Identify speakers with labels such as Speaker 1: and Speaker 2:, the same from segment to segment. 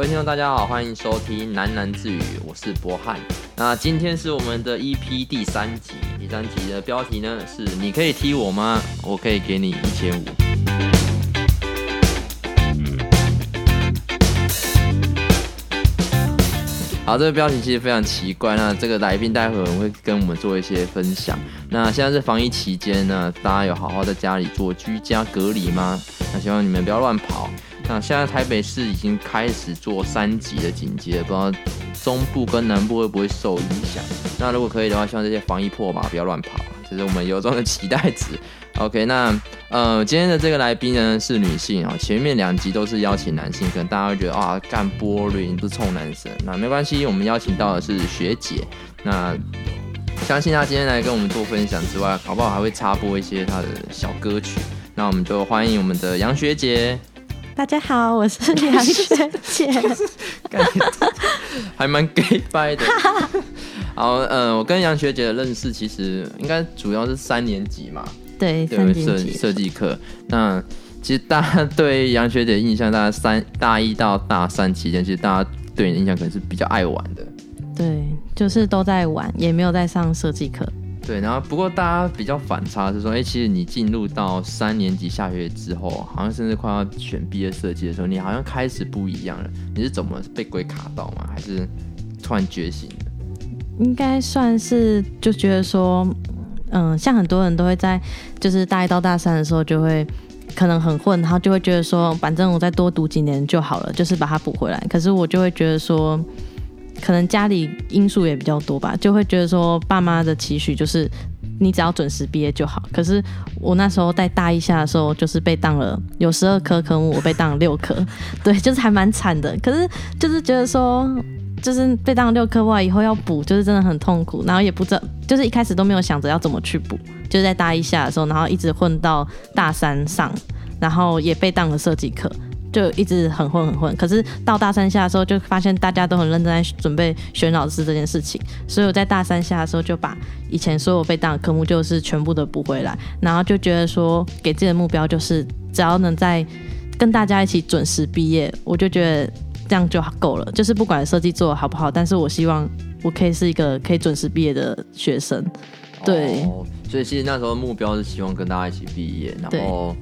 Speaker 1: 各位聽眾，大家好，歡迎收聽喃喃自語，我是 Bo 翰。那今天是我們的 EP 第三集，第三集的標題呢是“你可以踢我嗎？我可以給你一千五。嗯”好，這個標題其實非常奇怪。那這個來賓待會兒會跟我們做一些分享。那現在是防疫期間呢，大家有好好在家裡做居家隔離嗎？那希望你們不要亂跑。那現在台北市已經開始做三級的警戒，不知道中部跟南部會不會受影響？那如果可以的話，希望這些防疫破口不要亂跑，這是我們由衷的期待值。OK，那呃，今天的這個來賓呢是女性啊，前面兩集都是邀請男性，可能大家會覺得啊干玻璃你是都臭男生。那沒關係，我們邀請到的是學姐。那相信她今天來跟我們做分享之外，好不好還會插播一些她的小歌曲？那我們就歡迎我們的楊學姐。
Speaker 2: 大家
Speaker 1: 好，我是楊學姐， 還蠻 gay 掰的。好，呃，我跟楊學姐的認識其實應該主要是三年級嘛，
Speaker 2: 對，對三年級設
Speaker 1: 計課。那其實大家對楊學姐的印象大，大家三，大一到大三期間，其實大家對你的印象可能是比較愛玩的。
Speaker 2: 對，就是都在玩，也沒有在上設計課。
Speaker 1: 對，然後不過大家比較反差的是說，哎，其實你進入到三年級下學期之後，好像甚至快要選畢業設計的時候，你好像開始不一樣了。你是怎麼被鬼卡到嗎？還是突然覺醒？
Speaker 2: 應該算是就覺得說，嗯，像很多人都會在就是大一到大三的時候就會可能很混，然後就會覺得說，反正我再多讀幾年就好了，就是把它補回來，可是我就會覺得說。可能家裡因素也比較多吧，就會覺得說爸媽的期許就是你只要準時畢業就好。可是我那時候在大一下的時候，就是被當了有十二科科目，我被當了六科，對，就是還蠻慘的。可是就是覺得說，就是被當了六科，哇，以後要補，就是真的很痛苦。然後也不知，就是一開始都沒有想着要怎麼去補，就在大一下的時候，然後一直混到大三上，然後也被當了設計課。就一直很混很混，可是到大三下的時候就發現大家都很認真在準備選老師這件事情，所以我在大三下的時候就把以前所有被當的科目就是全部都補回來，然後就覺得說給自己的目標就是只要能在跟大家一起準時畢業，我就覺得這樣就夠了，就是不管設計做得好不好，但是我希望我可以是一個可以準時畢業的學生，對。哦，
Speaker 1: 所以其實那時候目標是希望跟大家一起畢業，然後。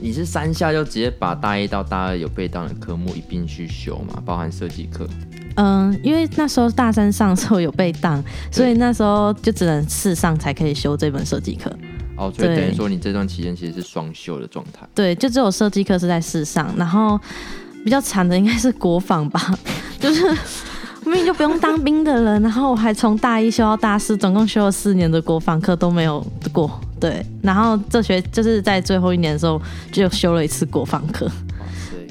Speaker 1: 你是三下就直接把大一到大二有被當的科目一併去修嘛？包含設計課。
Speaker 2: 嗯，因為那時候大三上的時候有被當，所以那時候就只能四上才可以修這門設計課。
Speaker 1: 哦，所以等於說你這段期間其實是雙修的狀態。
Speaker 2: 對，對就只有設計課是在四上，然後比較慘的應該是國防吧，就是 明明就不用當兵的人， 然後我還從大一修到大四，總共修了四年的國防課都沒有過。對，然後這學就是在最後一年的時候就修了一次國防課。啊、
Speaker 1: 對，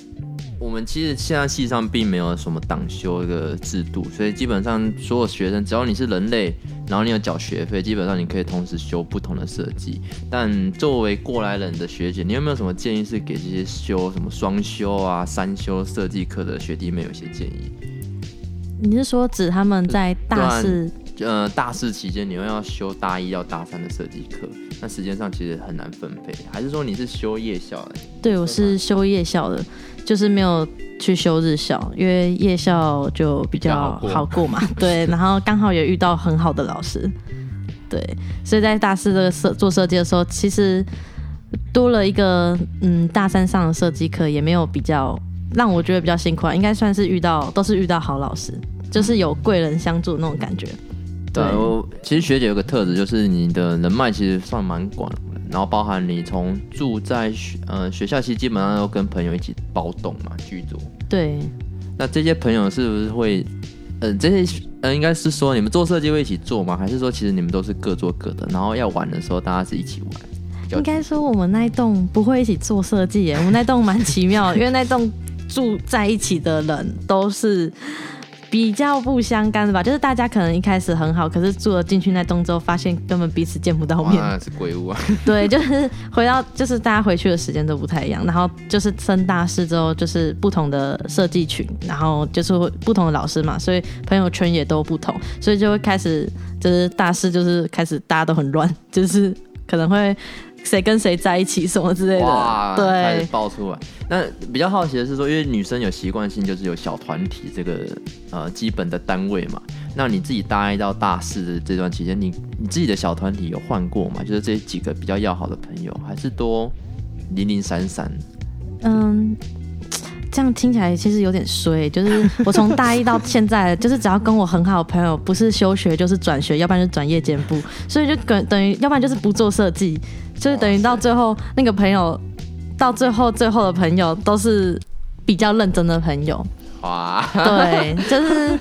Speaker 1: 我們其實現在系上並沒有什麼擋修一個制度，所以基本上所有學生只要你是人類，然後你有繳學費，基本上你可以同時修不同的設計。但作為過來人的學姐，你有沒有什麼建議是給這些修什麼雙修啊、三修設計課的學弟妹有些建議？
Speaker 2: 你是說指他們在大四？
Speaker 1: 呃，大四期間，你又要修大一到大三的設計課，那時間上其實很難分配。還是說你是修夜校、
Speaker 2: 欸？對，我是修夜校的，就是沒有去修日校，因為夜校就比較好過嘛。過 對，然後剛好也遇到很好的老師。對，所以在大四這個設做設計的時候，其實多了一個嗯，大三上的設計課，也沒有比較讓我覺得比較辛苦，應該算是遇到都是遇到好老師，就是有貴人相助的那種感覺。
Speaker 1: 對，其實學姐有個特質，就是你的人脈其實算蠻廣的，然後包含你從住在學呃學校期，基本上都跟朋友一起包棟嘛，居多。對，那這些朋友是不是會，嗯、呃、這些呃應該是說你們做設計會一起做嗎？還是說其實你們都是各做各的，然後要玩的時候大家是一起玩？
Speaker 2: 應該說我們那一棟不會一起做設計耶，欸，我們那棟蠻奇妙的， 因為那棟住在一起的人都是。比較不相干的吧，就是大家可能一開始很好，可是住了進去那棟之後，發現根本彼此見不到面，哇，是
Speaker 1: 鬼屋啊！
Speaker 2: 對，就是回到，就是大家回去的時間都不太一樣，然後就是升大四之後，就是不同的設計群，然後就是不同的老師嘛，所以朋友圈也都不同，所以就會開始就是大四就是開始大家都很亂，就是可能會。誰跟誰在一起，什麼之類的，哇對，爆出來。
Speaker 1: 那比較好奇的是說，因為女生有習慣性，就是有小團體這個呃基本的單位嘛。那你自己大一到大四的這段期間，你你自己的小團體有換過嗎？就是這幾個比較要好的朋友，還是多零零散
Speaker 2: 散？嗯，這樣聽起來其實有點衰。就是我從大一到現在， 就是只要跟我很好的朋友，不是休學就是轉學，要不然就轉夜間部，所以就等等於，要不然就是不做設計。就是等於到最後那個朋友，到最後最後的朋友都是比較認真的朋友。
Speaker 1: 哇，對，
Speaker 2: 就是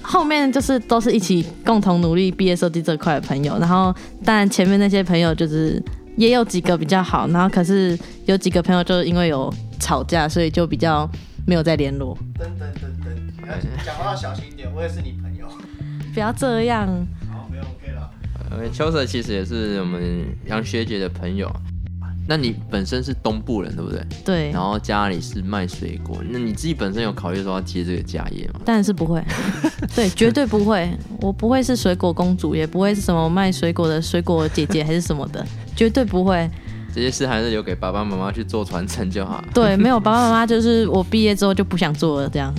Speaker 2: 後面就是都是一起共同努力畢業設計這塊的朋友。然後但前面那些朋友就是也有幾個比較好，然後可是有幾個朋友就是因為有吵架，所以就比較沒有再聯絡。等
Speaker 3: 等等等，講話要小
Speaker 2: 心一點，我也是你朋友，不要這樣。
Speaker 1: Chiu 攝其實也是我們楊學姐的朋友。那你本身是東部人，對不對？對。然後家裡是賣水果，那你自己本身有考慮說要接這個家業嗎？
Speaker 2: 但是不會， 對，絕對不會。我不會是水果公主， 也不會是什麼賣水果的水果姐姐還是什麼的，絕對不會。
Speaker 1: 這些事還是留給爸爸媽媽去做傳承就好。
Speaker 2: 對，沒有爸爸媽媽，就是我畢業之後就不想做了這樣。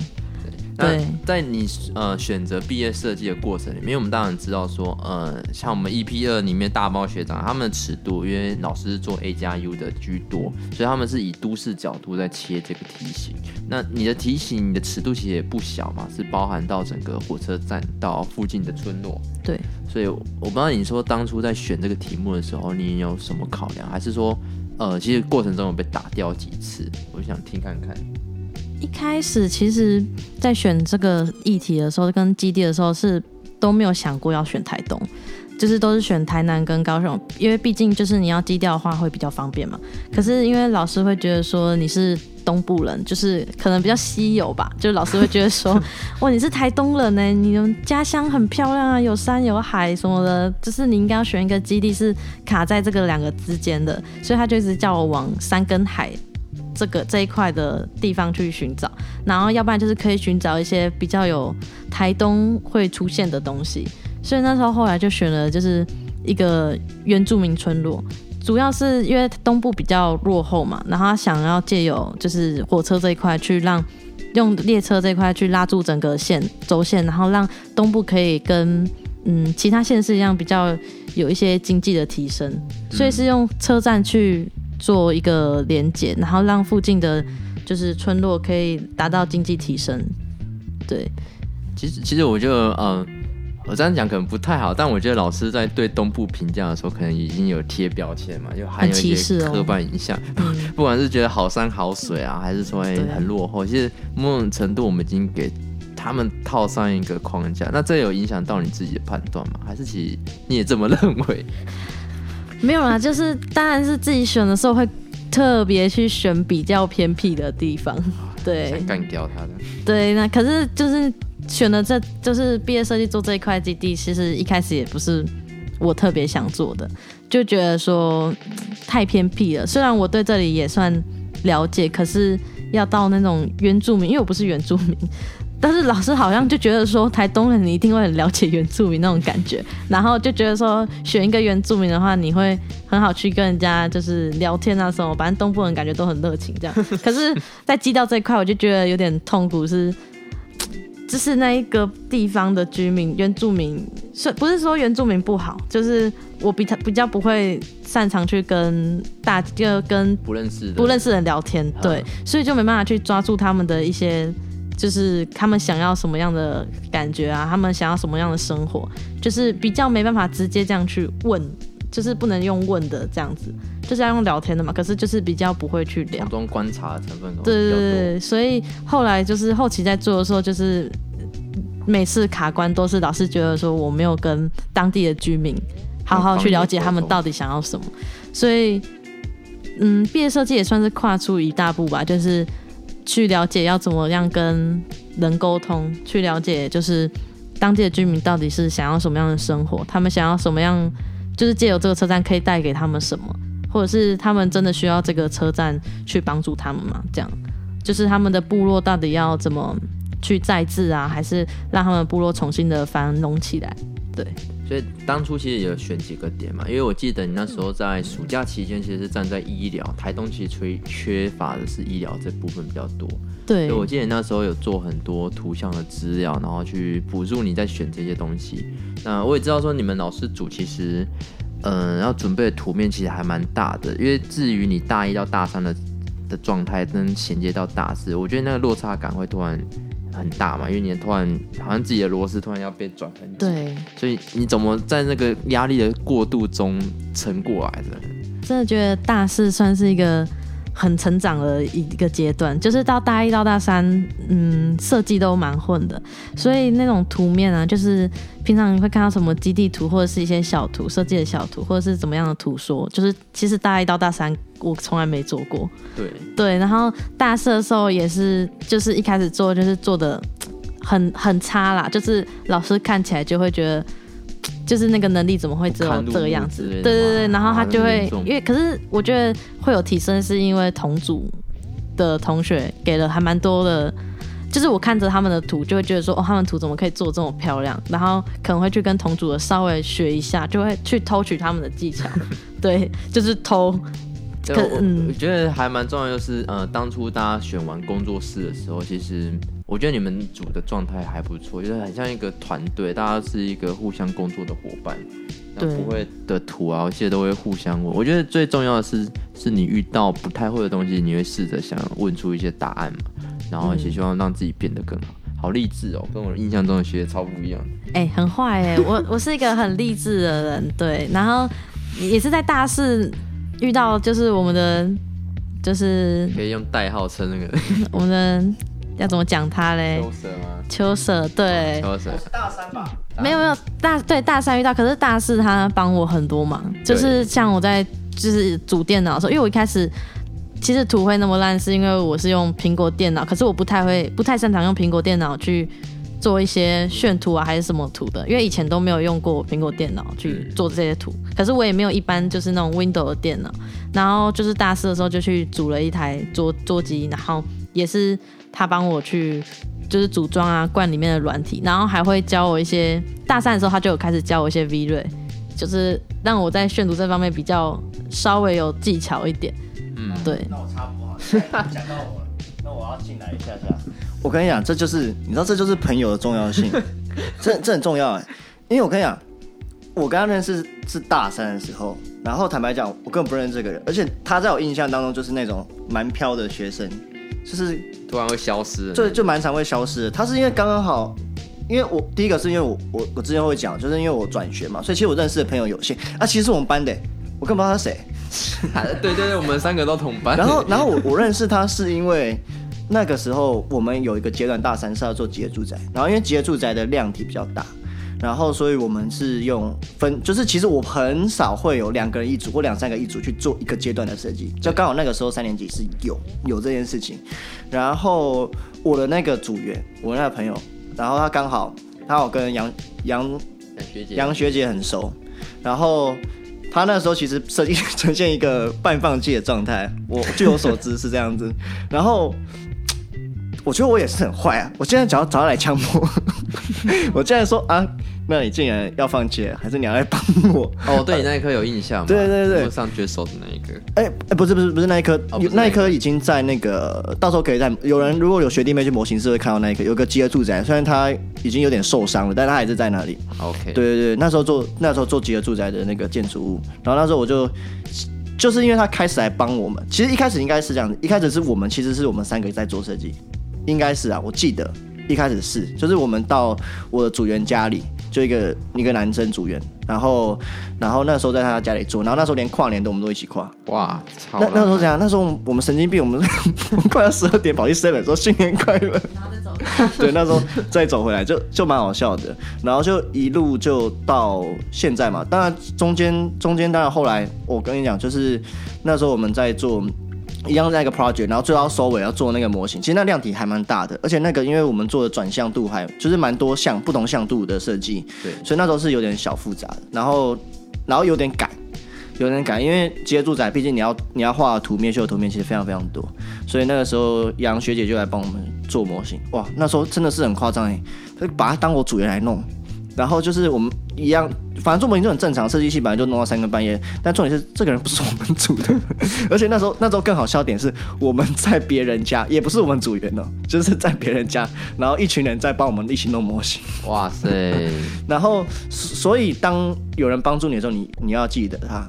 Speaker 1: 那在你對呃，選擇畢業設計的過程裡面，我們當然知道說，呃，像我們 EP 二裡面大包學長他們的尺度，因為老師是做 A 加 U 的居多，所以他們是以都市角度在切這個題型。那你的題型，你的尺度其實也不小嘛，是包含到整個火車站到附近的村落。對，所以我不知道你說當初在選這個題目的時候，你有什麼考量，還是說，呃，其實過程中有被打掉幾次，我就想聽看看。
Speaker 2: 一開始其實，在選這個議題的時候，跟基地的時候是都沒有想過要選台東，就是都是選台南跟高雄，因為畢竟就是你要低調的話會比較方便嘛。可是因為老師會覺得說你是東部人，就是可能比較稀有吧，就是老師會覺得說， 哇，你是台東人呢，你家鄉很漂亮啊，有山有海什麼的，就是你應該要選一個基地是卡在這個兩個之間的，所以他就一直叫我往山跟海，這個這一塊的地方去尋找，然後要不然就是可以尋找一些比較有台東會出現的東西。所以那時候後來就選了，就是一個原住民村落，主要是因為東部比較落後嘛，然後他想要借由就是火車這一塊去讓，用列車這一塊去拉住整個線軸線，然後讓東部可以跟嗯其他縣市一樣比較有一些經濟的提升，所以是用車站去。做一個連接，然後讓附近的就是村落可以達到經濟提升。對，
Speaker 1: 其實其實我覺得，嗯、呃，我這樣講可能不太好，但我覺得老師在對東部評價的時候，可能已經有貼標籤嘛，就還有一些刻板印象，很歧視哦。 不管是覺得好山好水啊，還是說、欸啊、很落後，其實某種程度我們已經給他們套上一個框架。那這有影響到你自己的判斷嗎？還是其實你也這麼認為？
Speaker 2: 沒有啦，就是當然是自己選的時候會特別去選比較偏僻的地方。對，幹掉他的。對，那可是就是選的這，就是畢業設計做這一塊基地，其實一開始也不是我特別想做的，就覺得說太偏僻了。雖然我對這裡也算了解，可是要到那種原住民，因為我不是原住民。但是老師好像就覺得說，台東人你一定會很了解原住民那種感覺，然後就覺得說選一個原住民的話，你會很好去跟人家就是聊天啊什麼。反正東部人感覺都很熱情這樣。可是，在基調這一塊，我就覺得有點痛苦是，是就是那一個地方的居民原住民，不是說原住民不好，就是我比較比較不會擅長去跟大就跟不認識不認識人聊天，對，所以就沒辦法去抓住他們的一些。就是他們想要什麼樣的感覺啊？他們想要什麼樣的生活？就是比較沒辦法直接這樣去問，就是不能用問的這樣子，就是要用聊天的嘛。可是就是比較不會去聊，中觀察的成分對對對，所以後來就是後期在做的時候，就是每次卡關都是老是覺得說我沒有跟當地的居民
Speaker 1: 好好去了解他們
Speaker 2: 到底想要什麼，所以嗯，畢業設計也算是跨出一大步吧，就是。去了解要怎麼樣跟人溝通，去了解就是當地的居民到底是想要什麼樣的生活，他們想要什麼樣，就是借由這個車站可以帶給他們什麼，或者是他們真的需要這個車站去幫助他們嗎？這樣，就是他們的部落到底要怎麼去再製啊，還是讓他們部落重新的繁榮起來？對。
Speaker 1: 所以當初其實有選幾個點嘛，因為我記得你那時候在暑假期間，其實是站在醫療，台東其實缺缺乏的是醫療這部分比較多。對，所以我記得你那時候有做很多圖像的資料，然後去輔助你在選這些東西。那我也知道說你們老師組其實，嗯、呃，要準備的圖面其實還蠻大的，因為至於你大一到大三的的狀態跟銜接到大四，我覺得那個落差感會突然。很大嘛，因為你突然好像自己的螺絲突然要被轉很緊，對，所以你怎麼在那個壓力的過度中撐過來的？
Speaker 2: 真的覺得大四算是一個。很成長的一個階段，就是到大一到大三，嗯，設計都蠻混的。所以那種圖面啊，就是平常你會看到什麼基地圖或者是一些小圖設計的小圖，或者是怎麼樣的圖說，就是其實大一到大三我從來沒做過。對對，然後大四的時候也是，就是一開始做就是做的很很差啦，就是老師看起來就會覺得。就是那個能力怎麼會只有這個樣子路路？對對對、啊，然後他就會因為，可是我覺得會有提升，是因為同組的同學給了還蠻多的，就是我看着他們的圖，就會覺得說，哦，他們圖怎麼可以做這麼漂亮？然後可能會去跟同組的稍微學一下，就會去偷取他們的技巧。 對，就是偷。
Speaker 1: 我，嗯，我覺得還蠻重要，就是呃，當初大家選完工作室的時候，其實。我覺得你們組的狀態還不錯，就是很像一個團隊，大家是一個互相工作的夥伴，不會的圖啊，這些都會互相問。我覺得最重要的是，是你遇到不太會的東西，你會試着想問出一些答案嘛，然後也希望讓自己變得更好，好勵志哦，跟我印象中的學姊不一樣。哎，
Speaker 2: 欸，很壞哎，欸，我 我是一個很勵志的人，對，然後也是在大四遇到，就是我們的，就是可以用
Speaker 1: 代號稱那個
Speaker 2: 我們的。要怎麼講他嘞？Chiu 攝嗎？Chiu 攝對。哦、Chiu 攝
Speaker 1: 我是大三
Speaker 2: 吧？沒有沒有大對大三遇到，可是大四他幫我很多忙，就是像我在就是組電腦的時候，因為我一開始其實圖會那麼爛，是因為我是用蘋果電腦，可是我不太會不太擅長用蘋果電腦去做一些炫圖啊還是什麼圖的，因為以前都沒有用過蘋果電腦去做這些圖，嗯、可是我也沒有一般就是那種 window 的電腦，然後就是大四的時候就去組了一台桌桌機，然後也是。他幫我去，就是組裝啊，罐裡面的軟體，然後還會教我一些大三的時候，他就有開始教我一些 V r y 就是讓我在炫讀這方面比較稍微有技巧一點。嗯，對。那我差不多講到
Speaker 3: 我， 那我要進來一下下。我跟你講，這就是你知道，這就是朋友的重要性， 這這很重要哎、欸，因為我跟你講，我跟他認識是大三的時候，然後坦白講，我根本不認識這個人，而且他在我印象當中就是那種蠻飄的學生。就是
Speaker 1: 突然會消失，就就
Speaker 3: 蠻常會消失。他是因為剛剛好，因為我第一個是因為我我我之前會講，就是因為我轉學嘛，所以其實我認識的朋友有限。啊，其實是我們班的、欸，我更不知道他是
Speaker 1: 誰。對對對，我們三個都同班。然後然後我
Speaker 3: 我認識他是因為那個時候我們有一個階段，大三是要做集合住宅，然後因為集合住宅的量體比較大。然後，所以我們是用分，就是其實我很少會有兩個人一組或兩三個一組去做一個階段的設計，就剛好那個時候三年級是有有這件事情。然後我的那個組員，我的那個朋友，然後他剛好他好跟楊楊學姐楊學姐很熟，然後他那時候其實設計呈現一個半放棄的狀態，我據我所知是這樣子。 然後。我覺得我也是很壞啊！我現在只要找他來槍破， 我現在說啊，那你竟然要放棄，還是你要來幫我？哦，
Speaker 1: 對你那一顆有印象嗎？ 對對對，對上絕手的那一個。
Speaker 3: 哎、欸、哎、欸，不是不是不是那一顆、哦，那一顆已經在那個到時候可以在有人如果有學弟妹，妹去模型室會看到那一顆有個集合住宅，雖然他已經有點受傷了，但他還是在那裡。OK。對對對，那時候做那時候做集合住宅的那個建築物，然後那時候我就就是因為他開始來幫我們，其實一開始應該是這樣子，一開始是我們其實是我們三個在做設計。應該是啊，我記得一開始是，就是我們到我的組員家裡，就一個一個男生組員，然後然後那時候在他家裡住，然後那時候連跨年都我們都一起跨，哇，那那時候怎樣？那時候我們我們神經病。 我們快要十二點跑去 seven，說新年快樂，然後再走，對，那時候再走回來就就蠻好笑的，然後就一路就到現在嘛，當然中間中間，當然後來我跟你講，就是那時候我們在做。一樣在一個 project，然後最後收尾要做那個模型，其實那量體還蠻大的，而且那個因為我們做的轉向度還就是蠻多項不同向度的設計，對，所以那時候是有點小複雜的，然後然後有點趕，有點趕，因為接住宅，畢竟你要你要畫圖面，修的圖面其實非常非常多，所以那個時候楊學姐就來幫我們做模型，哇，那時候真的是很誇張誒，所以把它當我組員來弄。然後就是我們一樣，反正做模型就很正常，設計系本來就弄到三更半夜。但重點是這個人不是我們組的， 而且那時候那時候更好笑點是我們在別人家，也不是我們組員哦，就是在別人家，然後一群人在幫我們一起弄模型。哇塞！ 然後所以當有人幫助你的時候，你你要記得他。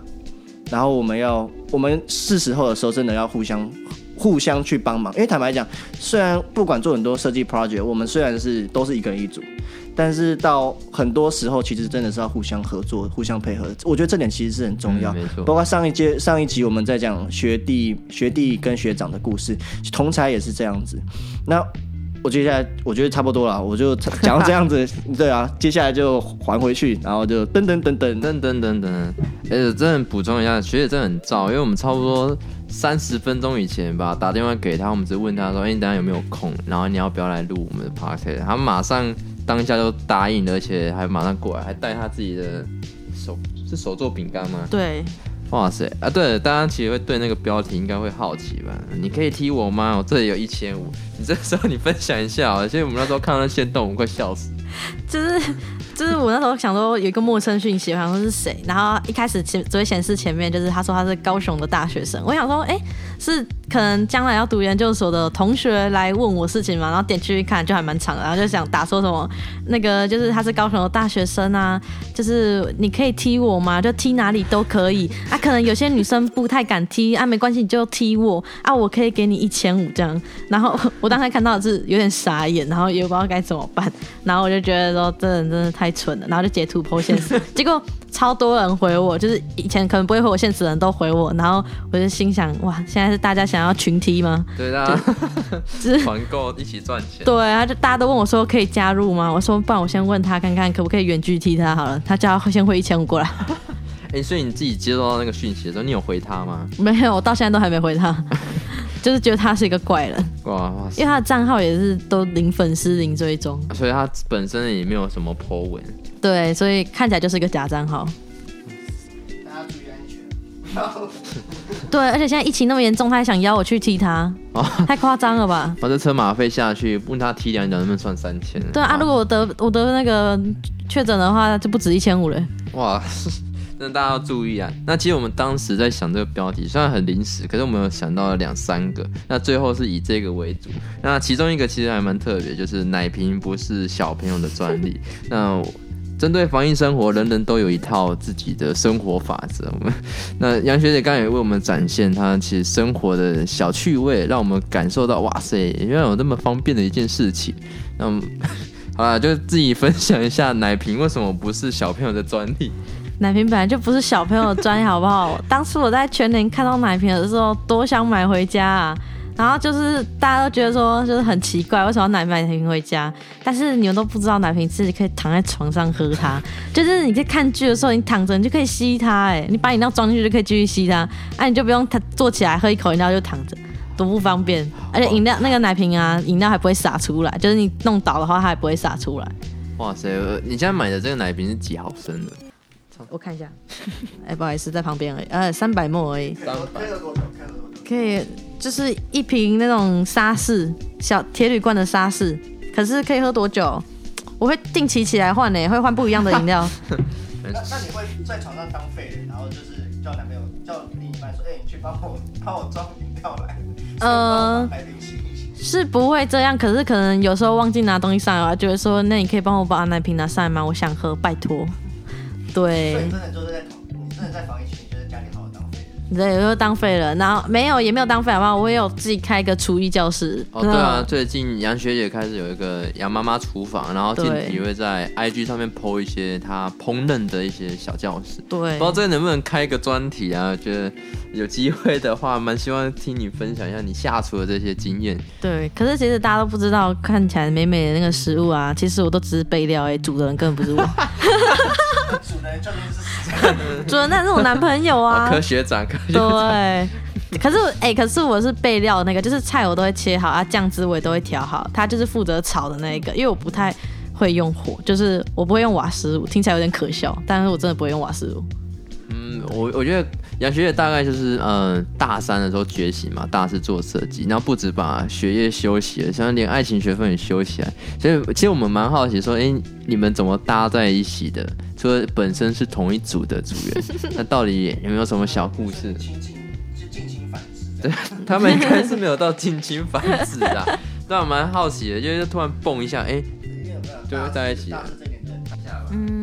Speaker 3: 然後我們要，我們是時候的時候，真的要互相。互相去幫忙，因為坦白講，雖然不管做很多設計 project，我們雖然是都是一個人一組，但是到很多時候其實真的是要互相合作、互相配合。我覺得這點其實是很重要。嗯、沒錯，包括上一屆、上一集我們在講學弟、學弟跟學長的故事，同儕也是這樣子。那我接下來我覺得差不多了，我就
Speaker 1: 講到這樣子。 對啊，接下來就還回去，然後就等等等等等等等等，噔噔，噔，噔。欸、真的補充一下，學姐真的很早，因為我們差不多、嗯。三十分鐘以前吧，打電話給他，我們只問他說：“哎、欸，你等下有沒有空？然後你要不要來錄我們的 podcast？他馬上當下就答應了，而且還馬上過來，還帶他自己的手是手做餅乾嗎？對，哇塞啊！對了，大家其實會對那個標題應該會好奇吧？你可以踢我嗎？我這裡有一千五。你這時候你分享一下哦，其實我們那時候看到那些動物快笑死，就
Speaker 2: 是。就是我那時候想說有一個陌生訊息，我想說是誰，然後一開始前只會顯示前面，就是他說他是高雄的大學生，我想說，哎、欸。是可能將來要讀研究所的同學來問我事情嘛，然後點進去去看就還蠻長的，然後就想打說什麼，那個就是他是高雄的大學生啊，就是你可以踢我嗎？就踢哪裡都可以。啊，可能有些女生不太敢踢啊，沒關係，你就踢我啊，我可以給你一千五這樣。然後我當時看到的是有點傻眼，然後也不知道該怎麼辦，然後我就覺得說這人真的太蠢了，然後就截圖 po 限時，結果。超多人回我，就是以前可能不會回我，現實的人都回我，然後我就心想，哇，現在是大家想要群踢嗎？對啊，
Speaker 1: 團購 一起賺錢，就是。對
Speaker 2: 啊，就大家都問我說可以加入嗎？我說，不然我先問他看看可不可以遠距踢他好了。他叫他先回一千五過來。
Speaker 1: 哎、 欸，所以你自己接收到那個訊息的時候，你有回他嗎？
Speaker 2: 沒有，我到現在都還沒回他。 就是覺得他是一個怪人，哇，哇，因為他的賬號也是都零粉絲、零追蹤，
Speaker 1: 所以他本身也沒有什麼 po 文，
Speaker 2: 對，所以看起來就是一個假賬號。大家注意安全， 對，而且現在疫情那麼嚴重，他還想邀我去踢他，哦、太誇張了吧？
Speaker 1: 把、啊、這車馬費下去，問他踢兩腳能不能算三千？對
Speaker 2: 啊，如果我得我得那個確診的話，就不止一千五了。
Speaker 1: 哇。那大家要注意啊！那其實我們當時在想這個標題，雖然很臨時，可是我們有想到了兩三個。那最後是以這個為主。那其中一個其實還蠻特別，就是奶瓶不是小朋友的專利。 那針對防疫生活，人人都有一套自己的生活法則。我們那楊學姐剛才也為我們展現她其實生活的小趣味，讓我們感受到哇塞，原來有那麼方便的一件事情。那我們好了，就自己分享一下奶瓶為什麼不是小朋友的專利。
Speaker 2: 奶瓶本來就不是小朋友的專利好不好？ 當時我在全年看到奶瓶的時候，多想買回家啊！然後就是大家都覺得說，就是很奇怪，為什麼奶瓶買回家？但是你們都不知道奶瓶自己可以躺在床上喝它，就是你在看劇的時候，你躺着你就可以吸它，哎，你把飲料裝進去就可以繼續吸它，哎，你就不用它坐起來喝一口飲料就躺着，多不方便。而且飲料那個奶瓶啊，飲料還不會灑出來，就是你弄倒的話它也不會灑出來。
Speaker 1: 哇塞，你現在買的這個奶瓶是幾毫升的？
Speaker 2: 我看一下，哎、 欸，不好意思，在旁邊而已，呃，三百毫升而已。三百？可以，就是一瓶那種沙士，小鐵鋁罐的沙士。可是可以喝多久？我會定期起來換嘞、欸，會換不一樣的飲料。 那
Speaker 3: 那你會在床上當廢人、欸，然後就是叫男朋友叫另一
Speaker 2: 半說，哎、欸，你去幫我幫我裝飲料來。嗯、呃，是不會這樣，可是可能有時候忘記拿東西上來，就會說，那你可以幫我把奶瓶拿上來嗎？我想喝，拜托。所以你
Speaker 3: 就是在對。你
Speaker 2: 對，有時候當廢了，然後沒有，也沒有當廢，好吧。我也有自己開一個廚藝教室。哦對、啊，對啊，
Speaker 1: 最近楊學姐開始有一個楊媽媽廚房，然後今天也會在 IG 上面 po 一些她烹飪的一些小教室。對，不知道這能不能開一個專題啊？我覺得有機會的話，蠻希望聽你分享一下你下廚的這些經驗。
Speaker 2: 對，可是其實大家都不知道，看起來美美的那個食物啊，其實我都只是備料哎、欸，煮的人根本不是我。 煮的人
Speaker 1: 究竟是誰啊？煮的人那是我
Speaker 2: 男朋友啊，柯學長。對， 可是哎、欸，可是我是備料的那個，就是菜我都會切好啊，醬汁我也都會調好，他就是負責炒的那一個，因為我不太會用火，就是我不會用瓦斯爐，聽起來有點可笑，但是我真的不會用瓦斯爐。
Speaker 1: 嗯，我我覺得楊學姊大概就是，嗯、呃，大三的時候覺醒嘛，大四做設計，然後不止把學業休息了，像連愛情學分也休息了。所以其實我們蠻好奇，說，哎、欸，你們怎麼搭在一起的？除了本身是同一組的組員，那到底有沒有什麼小故事？對、嗯
Speaker 2: 就是、近親繁殖 他們應該
Speaker 1: 是沒有到近親繁殖啊， 但我蠻好奇的，就是突然蹦一下，哎、欸，就在一起了吧，嗯。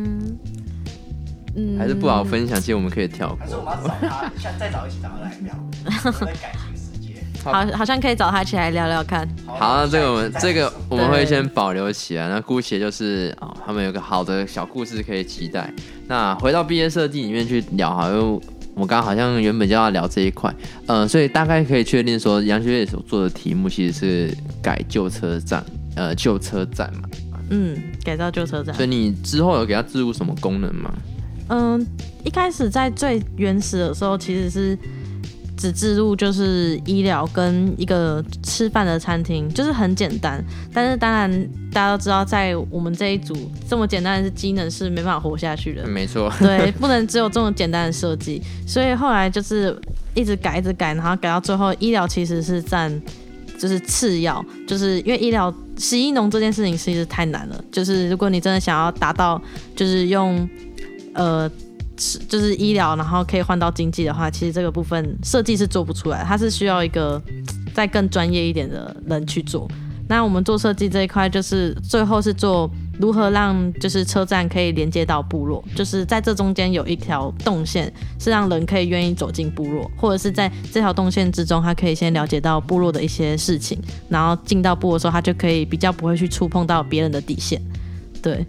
Speaker 1: 嗯，還是不好分享。其實我們可以跳過。還是我們要找
Speaker 2: 他， 再找
Speaker 1: 一起找他來聊， 好，好
Speaker 2: 像可以找他起來聊聊看。好，這個我們這個我們會先
Speaker 1: 保留起來。那姑且就是、哦、他們有個好的小故事可以期待。那回到畢業設計裡面去聊好，好像我剛剛好像原本就要聊這一塊。嗯、呃，所以大概可以確定說，楊學姊所做的題目其實是改舊車站，呃，舊車站嘛。嗯，
Speaker 2: 改造舊車站。所
Speaker 1: 以你之後有給他置入什麼功能嗎？
Speaker 2: 嗯，一開始在最原始的時候，其實是只置入，就是醫療跟一個吃飯的餐廳，就是很簡單。但是當然大家都知道，在我們這一組這麼簡單的機能是沒辦法活下去的，沒錯。對，不能只有這麼簡單的設計。 所以後來就是一直改，一直改，然後改到最後，醫療其實是占就是次要，就是因為醫療，食醫農這件事情實在是太難了。就是如果你真的想要達到，就是用。呃，是就是醫療，然後可以換到經濟的話，其實這個部分設計是做不出來，它是需要一個再更專業一點的人去做。那我們做設計這一塊，就是最後是做如何讓就是車站可以連接到部落，就是在這中間有一條動線是讓人可以願意走進部落，或者是在這條動線之中，他可以先了解到部落的一些事情，然後進到部落的時候，他就可以比較不會去觸碰到別人的底線，對。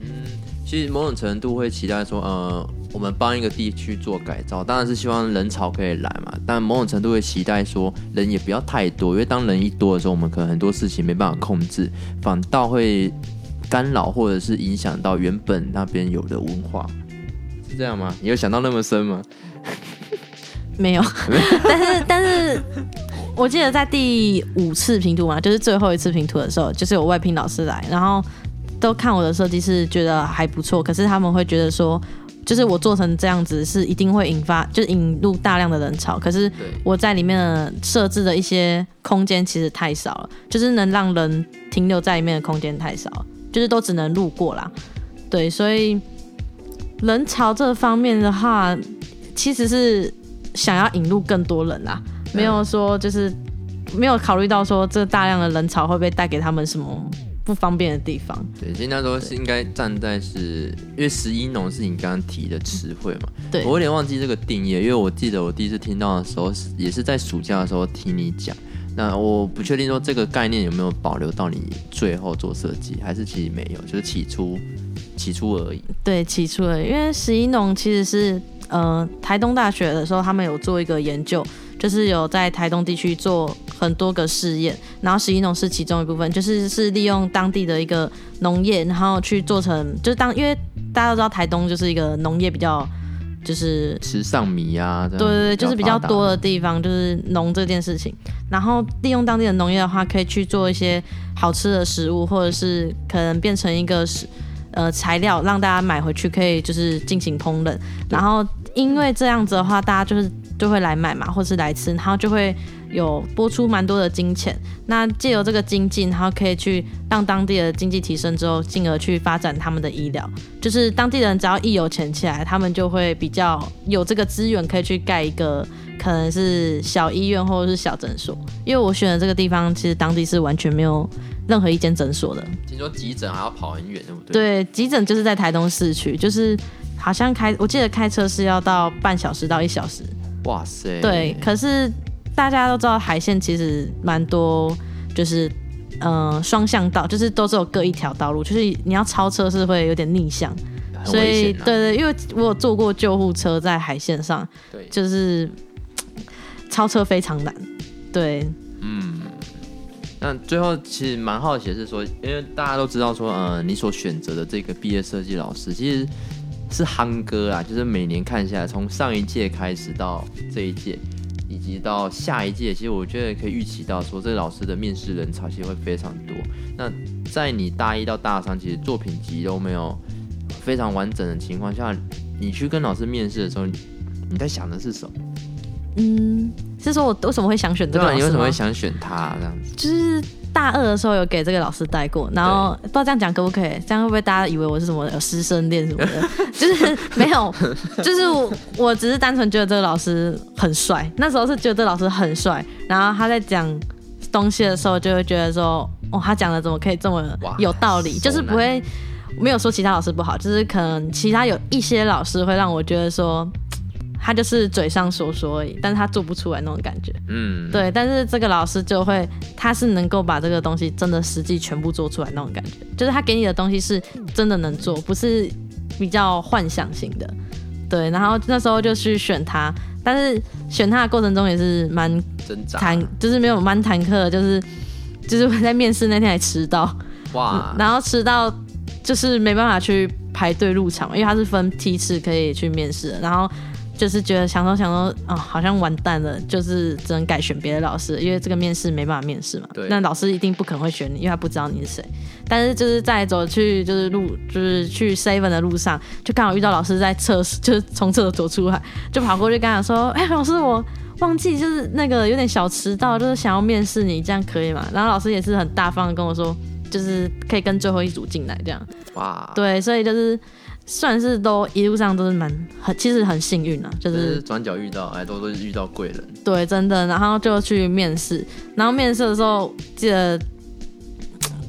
Speaker 1: 其實某種程度會期待說，呃，我們幫一個地區做改造，當然是希望人潮可以來嘛。但某種程度會期待說，人也不要太多，因為當人一多的時候，我們可能很多事情沒辦法控制，反倒會干擾或者是影響到原本那邊有的文化，是這樣嗎？你有想到那麼深嗎？
Speaker 2: 沒有， 但是，但是我記得在第五次評圖嘛，就是最後一次評圖的時候，就是有外聘老師來，然後。都看我的設計是覺得還不錯，可是他們會覺得說，就是我做成這樣子是一定會引發，就是引入大量的人潮。可是我在裡面設置的一些空間其實太少了，就是能讓人停留在裡面的空間太少了，就是都只能路過啦。對，所以人潮這方面的話，其實是想要引入更多人啦，沒有說就是沒有考慮到說這大量的人潮會不會帶給他們什麼。不方便的地方。對，其實
Speaker 1: 那時候是應該站在，是因為食醫農是你剛剛提的詞彙嘛？對，我有點忘記這個定義，因為我記得我第一次聽到的時候也是在暑假的時候聽你講。那我不確定說這個概念有沒有保留到你最後做設計，還是其實沒有，就是起初，起初而已。
Speaker 2: 對，起初而已，因為食醫農其實是嗯、呃，台東大學的時候他們有做一個研究。就是有在台東地區做很多個試驗，然後食醫農是其中一部分，就是是利用當地的一個農業，然後去做成，就是當因為大家都知道台東就是一個農業比較，
Speaker 1: 就是池上米啊，對對對，就是比較多的地
Speaker 2: 方，就是農這件事情，然後利用當地的農業的話，可以去做一些好吃的食物，或者是可能變成一個食呃材料，讓大家買回去可以就是進行烹飪，然後因為這樣子的話，大家就是。就會來買嘛，或是來吃，然後就會有撥出蠻多的金錢。那借由這個經濟，然後可以去讓當地的經濟提升之後，進而去發展他們的醫療。就是當地人只要一有錢起來，他們就會比較有這個資源，可以去蓋一個可能是小醫院或者是小診所。因為我選的這個地方，其實當地是完全沒有任何一間診所的。
Speaker 1: 聽說急診還要跑很遠，對不對？對，
Speaker 2: 急診就是在台東市區，就是好像開，我記得開車是要到半小時到一小時。
Speaker 1: 哇塞！對，
Speaker 2: 可是大家都知道，海線其實蠻多，就是嗯、呃，雙向道，就是都只有各一條道路，就是你要超車是會有點逆向，啊、所以對對，因為我有坐過救護車在海線上，對，就是超車非常難，對，
Speaker 1: 嗯，那最後其實蠻好奇的是說，因為大家都知道說，嗯、呃，你所選擇的這個畢業設計老師，其實。是憨哥啊，就是每年看一下來，從上一屆開始到這一屆，以及到下一屆，其實我覺得可以預期到說，說這個、老師的面試人潮其實會非常多。那在你大一到大三，其實作品集都沒有非常完整的情況下，你去跟老師面試的時候，你，你在想的是什麼？嗯，
Speaker 2: 是說我為什麼會想選這個？對，你為什麼會
Speaker 1: 想選他、啊、這
Speaker 2: 樣子？就是。大二的時候有給這個老師帶過，然後不知道這樣講可不可以，這樣會不會大家以為我是什麼有師生戀什麼的？ 就是沒有，就是我我只是單純覺得這個老師很帥，那時候是覺得這老師很帥，然後他在講東西的時候就會覺得說，哦，他講的怎麼可以這麼有道理？就是不會沒有說其他老師不好，就是可能其他有一些老師會讓我覺得說。他就是嘴上說說而已，但是他做不出來的那種感覺。嗯，對。但是這個老師就會，他是能夠把這個東西真的實際全部做出來的那種感覺，就是他給你的東西是真的能做，不是比較幻想型的。對。然後那時候就去選他，但是選他的過程中也是蠻掙扎，啊，就是沒有蠻忐忑，就是就是我在面試那天還遲到，哇，然後遲到就是沒辦法去排隊入場，因為他是分梯次可以去面試的，然後。就是覺得想說想說啊、哦，好像完蛋了，就是只能改選別的老師，因為這個面試沒辦法面試嘛。對。那老師一定不可能會選你，因為他不知道你是誰。但是就是在走去就是路就是去 seven 的路上，就剛好遇到老師在廁，就是從廁所走出來，就跑過去跟他說：“哎、欸，老師，我忘記就是那個有點小遲到，就是想要面試你，這樣可以嗎？”然後老師也是很大方地跟我說，就是可以跟最後一組進來這樣。哇。對，所以就是。算是都一路上都是蠻很，其實很幸運的啊，就是
Speaker 1: 轉角遇到，哎，都是遇到貴人，
Speaker 2: 對，真的。然後就去面試，然後面試的時候，記得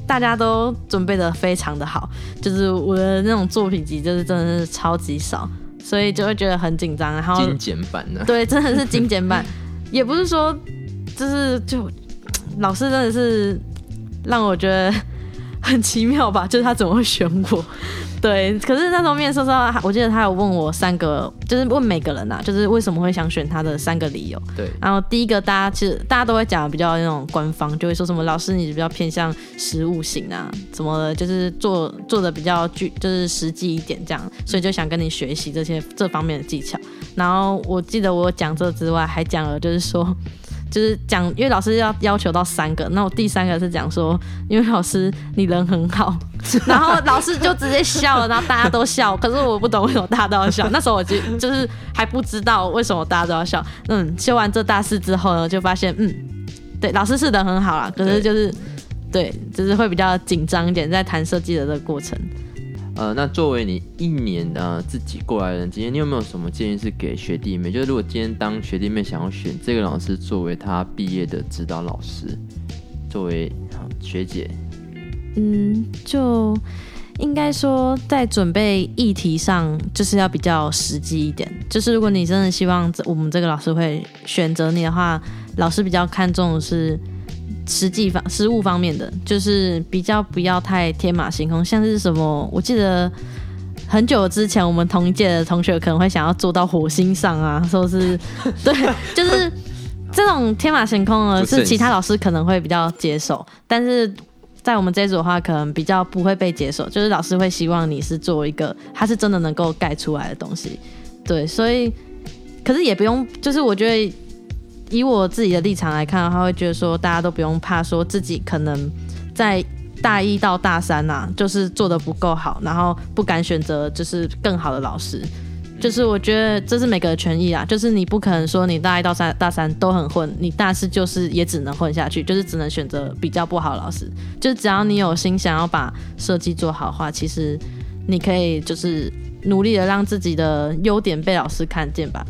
Speaker 2: 大家都準備的非常的好，就是我的那種作品集，就是真的是超級少，所以就會覺得很緊張。然後精簡版的，對，真的是精簡版， 也不是說就是就老師真的是讓我覺得很奇妙吧，就是他怎麼會選我？對，可是那時候面試的時候，我記得他有問我三個，就是問每個人啊，就是為什麼會想選他的三個理由。對，然後第一個大家其實大家都會講的比較那種官方，就會說什麼老師你比較偏向實務型啊，什麼的，就是做做的比較具，就是實際一點這樣，所以就想跟你學習這些這方面的技巧。然後我記得我講這之外，還講了就是說。就是講，因為老師要要求到三個，那我第三個是講說，因為老師你人很好，然後老師就直接笑了，然後大家都笑， 可是我不懂為什麼大家都要笑。那時候我就就是還不知道為什麼大家都要笑。嗯，修完這大四之後呢，就發現嗯，對，老師是人很好啦，可是就是對，對，就是會比較緊張一點，在談設計的這個過程。
Speaker 1: 呃，那作為你一年呃、啊、自己過來人，今天你有沒有什麼建議是給學弟妹？就是如果今天當學弟妹想要選這個老師作為他畢業的指導老師，作為學姐，
Speaker 2: 嗯，就應該說在準備議題上就是要比較實際一點。就是如果你真的希望我們這個老師會選擇你的話，老師比較看重的是，實際方實物方面的，就是比較不要太天馬行空，像是什麼，我記得很久之前我們同一屆的同學可能會想要做到火星上啊，說是，是 對，就是 這種天馬行空呢是其他老師可能會比較接受，但是在我們這一組的話，可能比較不會被接受，就是老師會希望你是做一個他是真的能夠蓋出來的東西，對，所以可是也不用，就是我覺得。以我自己的立場來看的話，他會覺得說，大家都不用怕，說自己可能在大一到大三吶、啊，就是做的不夠好，然後不敢選擇就是更好的老師。就是我覺得這是每個人權益啊，就是你不可能說你大一到三、大三都很混，你大四就是也只能混下去，就是只能選擇比較不好的老師。就是只要你有心想要把設計做好的話，其實你可以就是努力的讓自己的優點被老師看見吧。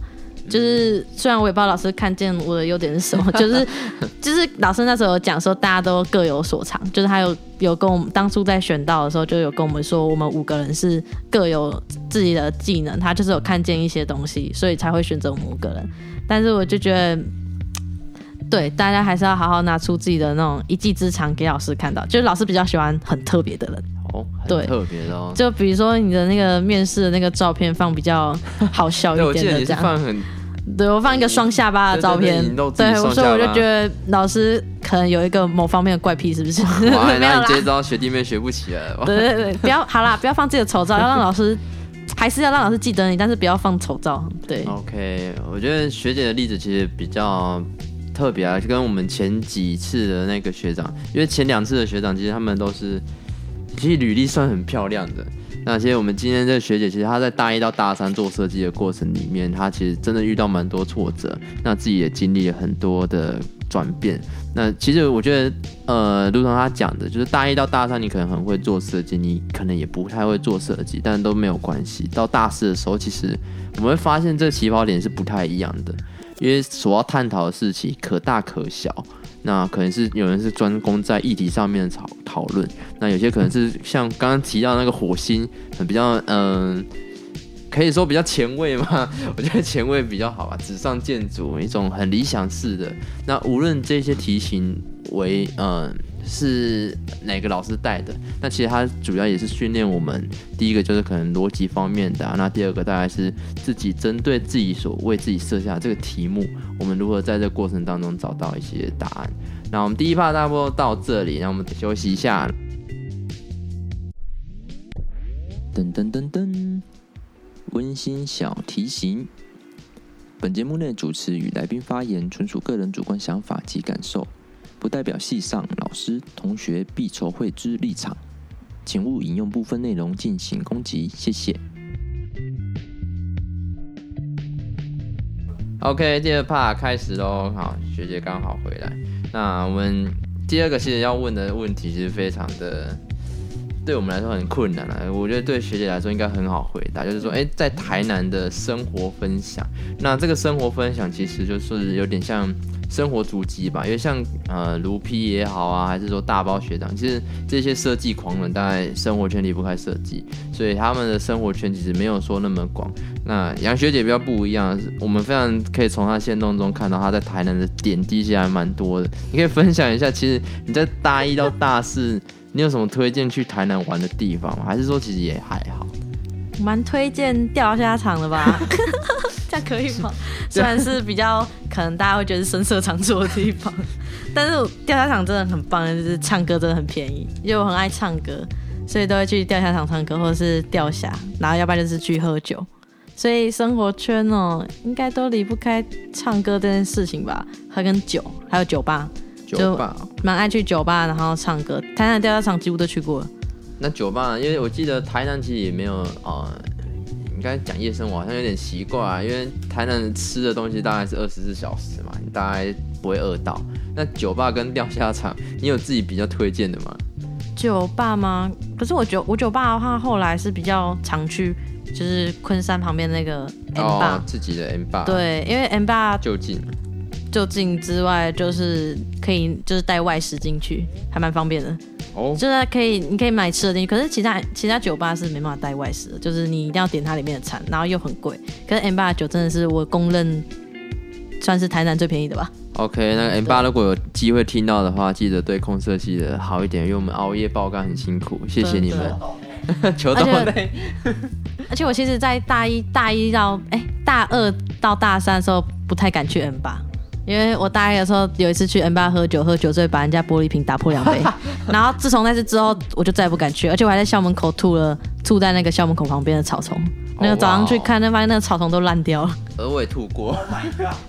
Speaker 2: 就是雖然我也不知道老師看見我的優點是什麼，就是就是老師那時候講說，大家都各有所長，就是他有有跟我們當初在選到的時候就有跟我們說，我們五個人是各有自己的技能，他就是有看見一些東西，所以才會選擇我們五個人。但是我就覺得，對，大家還是要好好拿出自己的那種一技之長給老師看到，就是老師比較喜歡很特別的人。哦，哦對，特
Speaker 1: 別的，就
Speaker 2: 比如說你的那個面試的那個照片放比較好笑一點的這樣。對，我放一個雙下巴的照片。嗯對對對，對，所以我就覺得老師可能有一個某方面的怪癖，是不是哇？沒有啦，這
Speaker 1: 招學弟妹學不起來了。對對對，
Speaker 2: 不要。好啦，不要放自己的醜照，要 讓老師還是要讓老師記得你，但是不要放醜照。對，OK，
Speaker 1: 我覺得學姐的例子其實比較特別啊，就跟我們前幾次的那個學長，因為前兩次的學長其實他們都是，其實履歷算很漂亮的。那其實我們今天這個學姐，其實她在大一到大三做設計的過程裡面，她其實真的遇到蠻多挫折，那自己也經歷了很多的轉變。那其實我覺得，呃，如同她講的，就是大一到大三，你可能很會做設計，你可能也不太會做設計，但都沒有關係。到大四的時候，其實我們會發現這個起跑點是不太一樣的，因為所要探討的事情可大可小。那可能是有人是專攻在議題上面討討論，那有些可能是像剛剛提到那個火星，很比較嗯，可以說比較前衛嘛，我覺得前衛比較好啊，紙上建築一種很理想式的。那無論這些題型為嗯。是哪個老師帶的？那其實他主要也是訓練我們。第一個就是可能邏輯方面的、啊，那第二個大概是自己針對自己所為自己設下這個題目，我們如何在這個過程當中找到一些答案。那我們第一趴差不多到這裡，那我們休息一下。噔噔噔噔，溫馨小提醒：本節目內主持與來賓發言純屬個人主觀想法及感受。不代表系上老師、同學畢籌會之立場，請勿引用部分內容進行攻擊，謝謝。OK，第二 part 開始嘍。好，學姐剛好回來。那我們第二個是要問的問題，其實非常的。對我們來說很困難了，啊，我覺得對學姐來說應該很好回答，就是說，誒，在台南的生活分享，那這個生活分享其實就是有點像生活足跡吧，因為像呃盧批也好啊，還是說大包學長，其實這些設計狂人大概生活圈離不開設計，所以他們的生活圈其實沒有說那麼廣。那楊學姐比較不一樣是，我們非常可以從她限動中看到她在台南的點滴其實還蠻多的，你可以分享一下，其實你在大一到大四。你有什麼推薦去台南玩的地方嗎？還是說其實也還好？
Speaker 2: 蠻推薦釣蝦場的吧， 這樣可以嗎？雖然是比較可能大家會覺得是聲色場所的地方， 但是釣蝦場真的很棒，就是唱歌真的很便宜，因為我很愛唱歌，所以都會去釣蝦場唱歌，或者是釣蝦，然後要不然就是去喝酒。所以生活圈哦、喔，應該都離不開唱歌這件事情吧，喝跟酒，還有酒吧。酒吧蠻愛去酒吧，然後唱歌。台南釣蝦場幾乎都去過了。
Speaker 1: 那酒吧，因為我記得台南其實也沒有啊、呃。你剛才講夜生活好像有點奇怪，啊，因為台南吃的東西大概是二十四小時嘛，你大概不會餓到。那酒吧跟釣蝦場，你有自己比較推薦的嗎？
Speaker 2: 酒吧嗎？可是我酒我酒吧的話，後來是比較常去，就是昆山旁邊那個 M bar，哦。
Speaker 1: 自己的 M bar。對，
Speaker 2: 因為 M bar 就近。就近之外，就是可以就是帶外食進去，還蠻方便的。哦、oh.，就是可以，你可以買吃的進去。可是其他其他酒吧是沒辦法帶外食的，就是你一定要點它裡面的餐，然後又很貴。可是 M 八的酒真的是我公認算是台南最便宜的吧。
Speaker 1: OK，那 M 八如果有機會聽到的話，記得對空設系的好一點，因為我們熬夜爆肝很辛苦，謝謝你們。求到
Speaker 2: 了，而且我其實在大一大一到哎、欸、大二到大三的時候不太敢去 M 八。因為我大一的時候有一次去 M.Bar 喝酒，喝酒醉把人家玻璃瓶打破兩杯， 然後自從那次之後我就再也不敢去，而且我還在校門口吐了，吐在那個校門口旁邊的草叢。Oh, 那個早上去看，那、哦、發現那個草叢都爛掉了。我也吐過，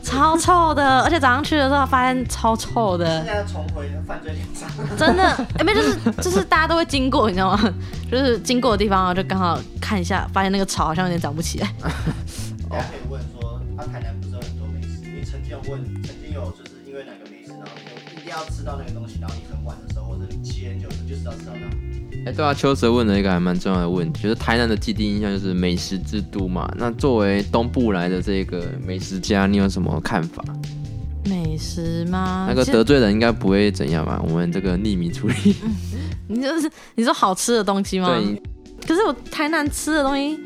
Speaker 2: 超臭的，而且早上去的時候發現超臭的。現
Speaker 3: 在重回犯罪現場 真的，哎、欸，沒，就
Speaker 2: 是就是大家都會經過，你知道嗎？就是經過的地方就剛好看一下，發現那個草好像有點長不起來。大家可以問說，阿、啊、台南不
Speaker 3: 是有很多美食，你曾經有問？要吃到那個東西，然後你很晚的時候，或者你七點九點
Speaker 1: 就是要吃到那。哎、欸，對啊，Chiu 攝問了一個還蠻重要的問題，就是台南的既定印象就是美食之都嘛。那作為東部來的這個美食家，你有什麼看法？
Speaker 2: 美食嗎？那個得罪
Speaker 1: 人應該不會怎樣吧？我們這個匿名處理、嗯。
Speaker 2: 你就是你說好吃的東西嗎？對。可是我台南吃的東西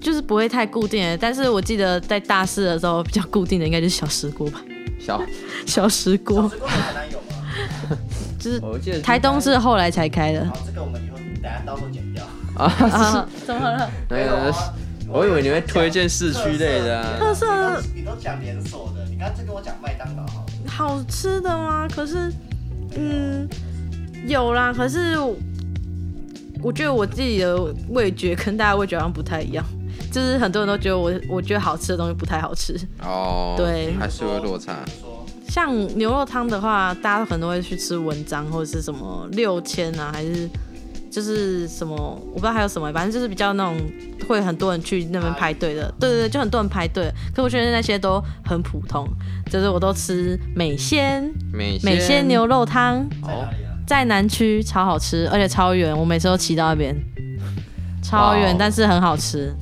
Speaker 2: 就是不會太固定，但是我記得在大四的時候比較固定的應該就是小石鍋吧。小小石鍋，石有南南有 就是，是台東是後來才開的。
Speaker 3: 好，這個我們以後等下刀都剪掉 啊是。怎
Speaker 1: 麼了？沒有、啊，我以為你會推薦市區類的、啊特。特色？你都講連鎖的，
Speaker 3: 你剛才這跟我講麥當勞，
Speaker 2: 好吃的嗎？可是，嗯、啊，有啦。可是，我覺得我自己的味覺跟大家味覺好像不太一樣。 就是很多人都覺得我，我覺得好吃的東西不太好吃哦
Speaker 1: ，oh, 對，還是會落差。
Speaker 2: 像牛肉湯的話，大家都可能會去吃文章或者是什麼六千啊，還是就是什麼我不知道還有什麼，反正就是比較那種會很多人去那邊排隊的、啊，對對對，就很多人排隊。可我覺得那些都很普通，就是我都吃美鮮
Speaker 1: 美鮮牛
Speaker 2: 肉湯，在哪裡啊？在南區，超好吃，而且超遠，我每次都騎到那邊，超遠、wow，但是很好吃。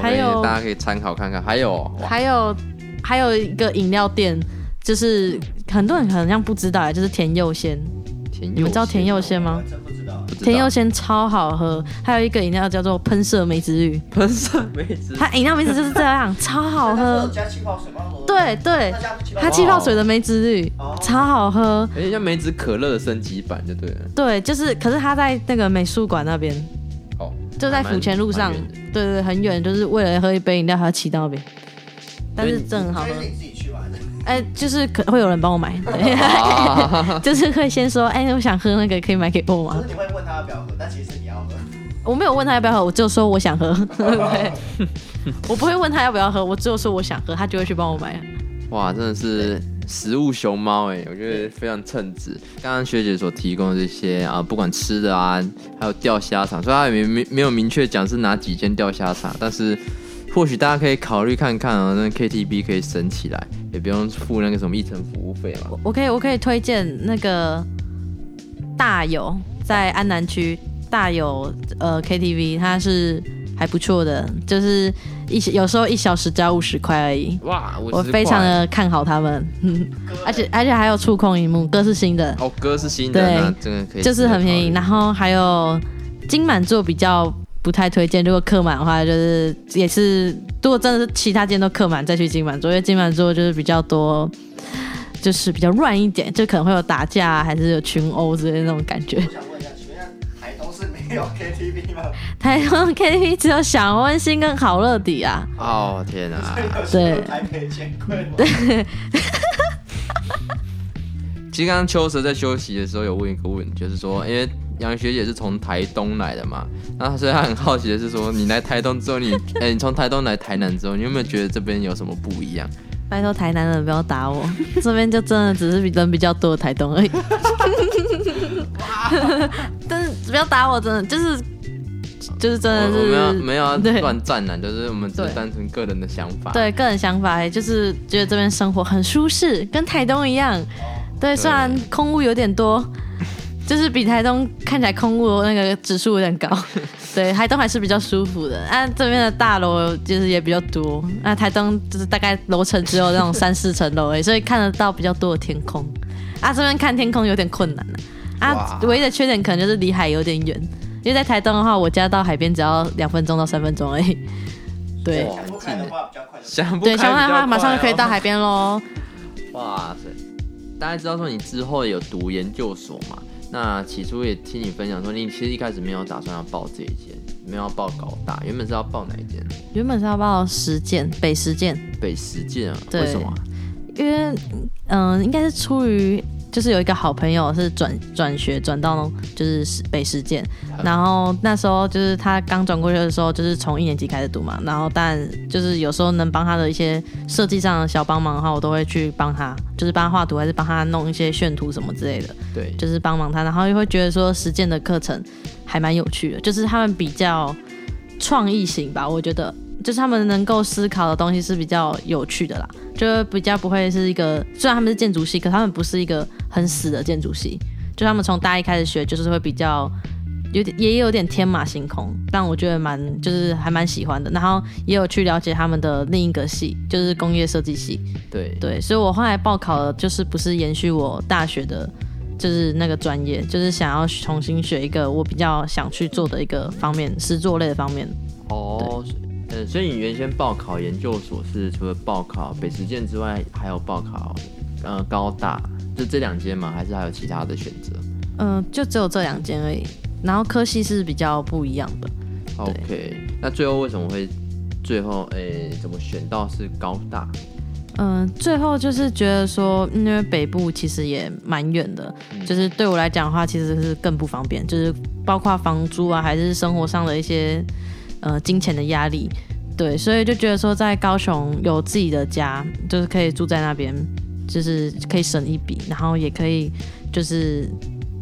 Speaker 2: 還有，大家可
Speaker 1: 以參考看看，還有
Speaker 2: 還有還有一個飲料店，就是很多人好像不知道的，就是甜又鮮，甜又鮮。你們知道甜又鮮嗎？不知道。甜又鮮超好喝，還有一個飲料叫做噴射梅子綠。噴射梅子，它飲料名字就是這樣，超好喝。加氣泡水。對對，它氣泡水的梅子綠，哦，超好喝。
Speaker 1: 哎、欸，梅子可樂的升級版，就對了。
Speaker 2: 對，就是，可是它在那個美術館那邊，就在府前路上，對對，很遠，就是為了喝一杯飲料，還要騎到邊。但是真的很好喝。你自己去玩的。哎、欸，就是可能會有人幫我買。對啊、 就是會先說，哎、欸，我想喝那個，可以買給我嗎？就是你會問他要不要喝，但其實你要喝。我沒有問他要不要喝，我只有說我想喝。對不對？我不會問他要不要喝，我只有說我想喝，他就會去幫我買。
Speaker 1: 哇，真的是。食物熊貓，哎，我覺得非常稱職。剛剛學姐所提供的這些啊，不管吃的啊，還有釣蝦場，雖然她也沒沒沒有明確講是哪幾間釣蝦場，但是或許大家可以考慮看看啊、喔，那 KTV 可以省起來，也不用付那個什麼一成服務費嘛。
Speaker 2: 我可以，我可以推薦那個大友在安南區大友呃 KTV，它是。還不錯的，就是一有時候一小時只要五十塊而已。
Speaker 1: 哇，我非常的
Speaker 2: 看好他們， 而且而且還有觸控螢幕，歌是新的
Speaker 1: 哦，歌是新的，對，啊、真的可以，就是很便
Speaker 2: 宜，便宜。然後還有金滿座比較不太推薦，如果客滿的話，就是也是如果真的是其他間都客滿再去金滿座，因為金滿座就是比較多，就是比較亂一點，就可能會有打架還是有群毆之類的那種感覺。有 KTV 嗎？台東 KTV 只有小溫馨跟好樂迪啊！
Speaker 1: 哦天哪，啊，
Speaker 3: 對，對，其
Speaker 2: 實
Speaker 1: 剛剛 Chiu 攝在休息的時候有問一個問，就是說，因為楊學姐是從台東來的嘛，那所以她很好奇的是說，你來台東之後你、 欸，你哎，你從台東來台南之後，你有沒有覺得這邊有什麼不一樣？
Speaker 2: 拜託台南人不要打我，這邊就真的只是人比較多的台東而已。 但是不要打我真的，就是就是真的是、嗯我，我
Speaker 1: 沒有沒有啊亂戰男對，就是我們只是單純個人的想法。對，對
Speaker 2: 個人想法，就是覺得這邊生活很舒適，跟台東一樣。對，雖然空屋有點多。就是比台東看起來空屋那個指數有點高，對，台東還是比較舒服的。啊，這邊的大樓就是也比較多，啊，台東就是大概樓層只有那種三四層樓而已，所以看得到比較多的天空。啊，這邊看天空有點困難了，啊。啊，唯一的缺點可能就是離海有點遠，因為在台東的話，我家到海邊只要兩分鐘到三分鐘而已。對，想
Speaker 1: 不開的話比較快，快。對，想不開的話馬上就可以到海邊
Speaker 2: 嘍。
Speaker 1: 哇塞！大家知道說你之後有讀研究所嗎？那起初也聽你分享說，你其實一開始沒有打算要報這一間，沒有要報高大，原本是要報哪一間？
Speaker 2: 原本是要報實踐，北實踐。北實
Speaker 1: 踐啊？對，為什麼？
Speaker 2: 因為嗯、呃，應該是出於。就是有一個好朋友是轉轉學轉到就是北實踐，然後那時候就是他剛轉過去的時候，就是從一年級開始讀嘛，然後但就是有時候能幫他的一些設計上的小幫忙的話，我都會去幫他，就是幫他畫圖還是幫他弄一些渲圖什麼之類的，對，就是幫忙他，然後又會覺得說實踐的課程還蠻有趣的，就是他們比較創意型吧，我覺得。就是他們能夠思考的東西是比較有趣的啦，就比較不會是一個。雖然他們是建築系，可他們不是一個很死的建築系。就他們從大一開始學，就是會比較有點也有點天馬行空，但我覺得蠻就是還蠻喜歡的。然後也有去了解他們的另一個系，就是工業設計系。對對，所以我後來報考的就是不是延續我大學的，就是那個專業，就是想要重新學一個我比較想去做的一個方面，實作類的方面。
Speaker 1: 哦。Oh, okay. 呃、所以你原先報考研究所是除了報考北實踐之外，還有報考呃高大，就這兩間嗎？還是還有其他的選擇？嗯、
Speaker 2: 呃，就只有這兩間而已。然後科系是比較不一樣的。
Speaker 1: OK，那最後為什麼會最後哎、欸，怎麼選到是高大？嗯、
Speaker 2: 呃，最後就是覺得說，嗯、因為北部其實也蠻遠的，就是對我來講的話，其實是更不方便，就是包括房租啊，還是生活上的一些。呃、嗯，金錢的壓力，對，所以就覺得說在高雄有自己的家，就是可以住在那邊，就是可以省一筆，然後也可以就是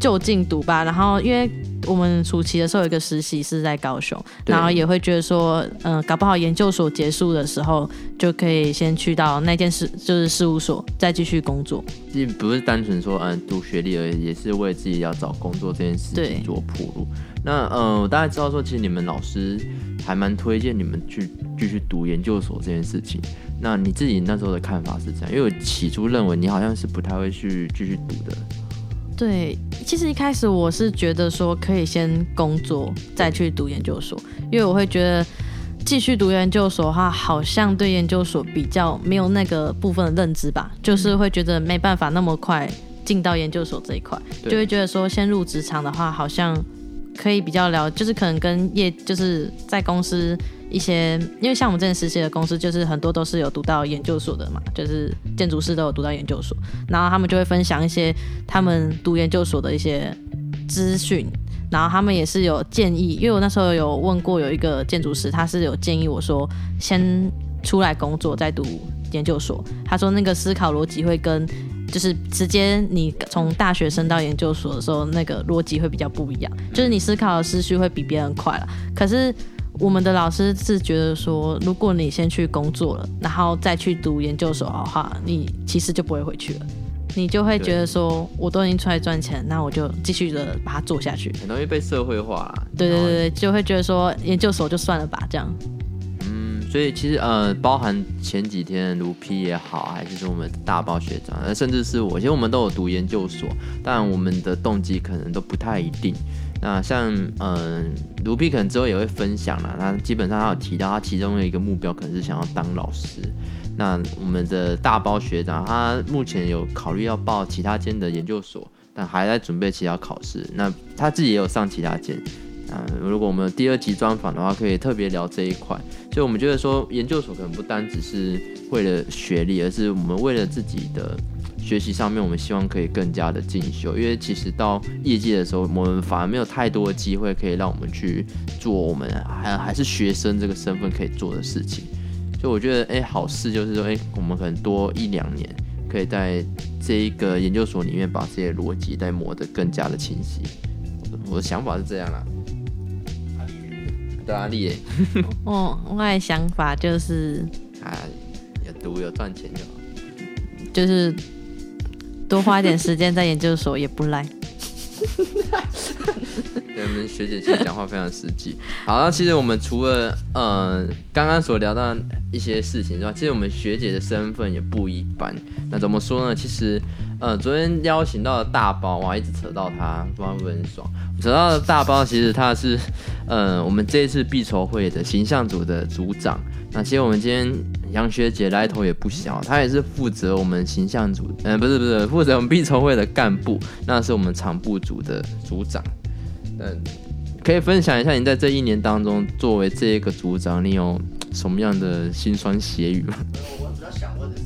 Speaker 2: 就近讀吧。然後因為我們暑期的時候有一個實習是在高雄，然後也會覺得說，嗯，搞不好研究所結束的時候就可以先去到那件事，就是事務所再繼續工作。
Speaker 1: 就不是單純說呃、啊、讀學歷而已，也是為自己要找工作這件事情做鋪路。那呃，我大概知道說，其實你們老師還蠻推薦你們去繼續讀研究所這件事情。那你自己那時候的看法是這樣？因為我起初認為你好像是不太會去繼續讀的。
Speaker 2: 對，其實一開始我是覺得說可以先工作再去讀研究所，因為我會覺得繼續讀研究所的話，好像對研究所比較沒有那個部分的認知吧，就是會覺得沒辦法那麼快進到研究所這一塊，對，就會覺得說先入職場的話好像。可以比較聊，就是可能跟業，就是在公司一些，因為像我們這邊實習的公司，就是很多都是有讀到研究所的嘛，就是建築師都有讀到研究所，然後他們就會分享一些他們讀研究所的一些資訊，然後他們也是有建議，因為我那時候有問過有一個建築師，他是有建議我說先出來工作再讀研究所，他說那個思考邏輯會跟。就是直接你從大學生到研究所的時候，那個邏輯會比較不一樣。就是你思考的思緒會比別人快了。可是我們的老師是覺得說，如果你先去工作了，然後再去讀研究所的話，你其實就不會回去了。你就會覺得說，我都已經出來賺錢，那我就繼續的把它做下去。很
Speaker 1: 容易被社會化。對
Speaker 2: 對對，就會覺得說，研究所就算了吧，這樣。
Speaker 1: 所以其實呃，包含前幾天盧皮也好，還是說我們大包學長，甚至是我，其實我們都有讀研究所，但我們的動機可能都不太一定。那像嗯，呃，盧皮可能之後也會分享了，他基本上他有提到他其中的一個目標可能是想要當老師。那我們的大包學長，他目前有考慮要報其他間的研究所，但還在準備其他考試。那他自己也有上其他間。嗯，如果我們第二集專訪的話，可以特別聊這一塊。所以，我們覺得說，研究所可能不單只是為了學歷，而是我們為了自己的學習上面，我們希望可以更加的進修。因為其實到業界的時候，我們反而沒有太多機會可以讓我們去做我們還還是學生這個身份可以做的事情。所以，我覺得，哎、欸，好事就是說，哎、欸，我們可能多一兩年，可以在這個研究所裡面把這些邏輯再磨得更
Speaker 2: 加的清晰。我的，
Speaker 1: 我的想法是這樣啦。對哦、
Speaker 2: 啊， 我的想法就是，啊、哎，
Speaker 1: 有讀有賺錢就
Speaker 2: 好，就是多花點時間在研究所也不賴
Speaker 1: 我們學姐其實講話非常實際。好，那其實我們除了嗯剛剛所聊到一些事情之外，其實我們學姐的身份也不一般。那怎麼說呢？其實。呃、嗯，昨天邀請到的大包，我還一直扯到他，哇，很爽。扯到的大包，其實他是，嗯，我們這一次畢籌會的形象組的組長。那其實我們今天楊學姐來頭也不小，她也是負責我們形象組，嗯、呃，不是不是，負責我們畢籌會的幹部，那是我們場佈組的組長。嗯，可以分享一下你在這一年當中，作為這一個組長，你有什麼樣的辛酸血雨嗎？嗯、我主要
Speaker 3: 想問。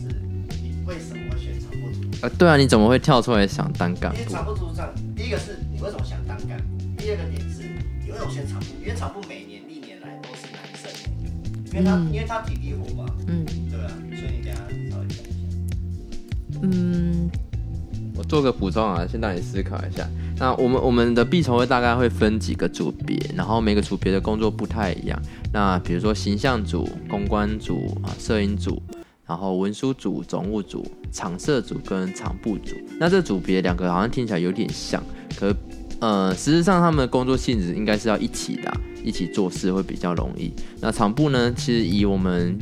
Speaker 1: 對啊，你怎麼會跳出來想當幹部？因為
Speaker 3: 場佈組長，第一個是你為什麼想當幹？第二個點是，你為什麼選場佈？因為場
Speaker 2: 佈每年歷
Speaker 1: 年來都是男生，因為他、嗯、因為他體力活嘛，嗯，對啊，所以你等一下稍微看一下。嗯，我做個補充啊，先讓你思考一下。那我們我們的畢籌會大概會分幾個組別，然後每個組別的工作不太一樣。那比如說形象組、公關組啊、攝影組。然後文書組、總務組、場設組跟場部組，那這組別兩個好像聽起來有點像，可呃，實際上，他們的工作性質應該是要一起的，啊，一起做事會比較容易。那場部呢，其實以我們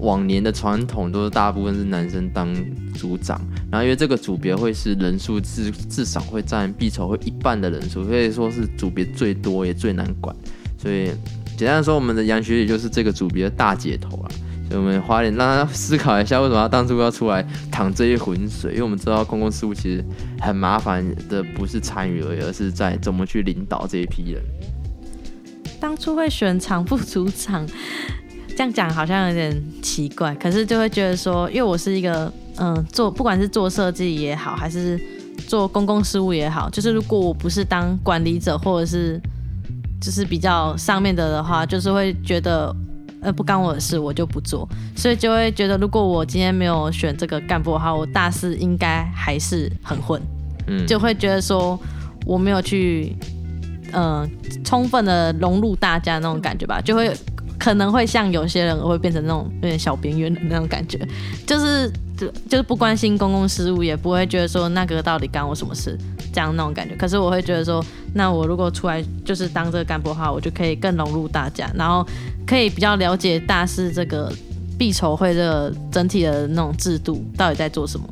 Speaker 1: 往年的傳統，都是大部分是男生當組長。然後因為這個組別會是人數至至少會占畢籌會一半的人數，所以說是組別最多也最難管。所以簡單說，我們的楊學姐就是這個組別的大姐頭啊。我們花點讓他思考一下，為什麼要當初要出來淌這些渾水？因為我們知道公共事務其實很麻煩的，不是參與而已，而是在怎麼去領導這一批人。
Speaker 2: 當初會選場佈組長，這樣講好像有點奇怪，可是就會覺得說，因為我是一個嗯，做不管是做設計也好，還是做公共事務也好，就是如果我不是當管理者或者是就是比較上面的的話，就是會覺得。呃，不干我的事，我就不做，所以就會覺得，如果我今天沒有選這個幹部的話，我大四應該還是很混，嗯，就會覺得說我沒有去，嗯、呃，充分的融入大家那種感覺吧，就會。可能會像有些人，我會變成那種有點小邊緣的那種感覺，就是就就是不關心公共事務，也不會覺得說那個到底干我什麼事這樣那種感覺。可是我會覺得說，那我如果出來就是當這個幹部的話，我就可以更融入大家，然後可以比較了解大師這個畢籌會的整體的那種制度到底在做什麼，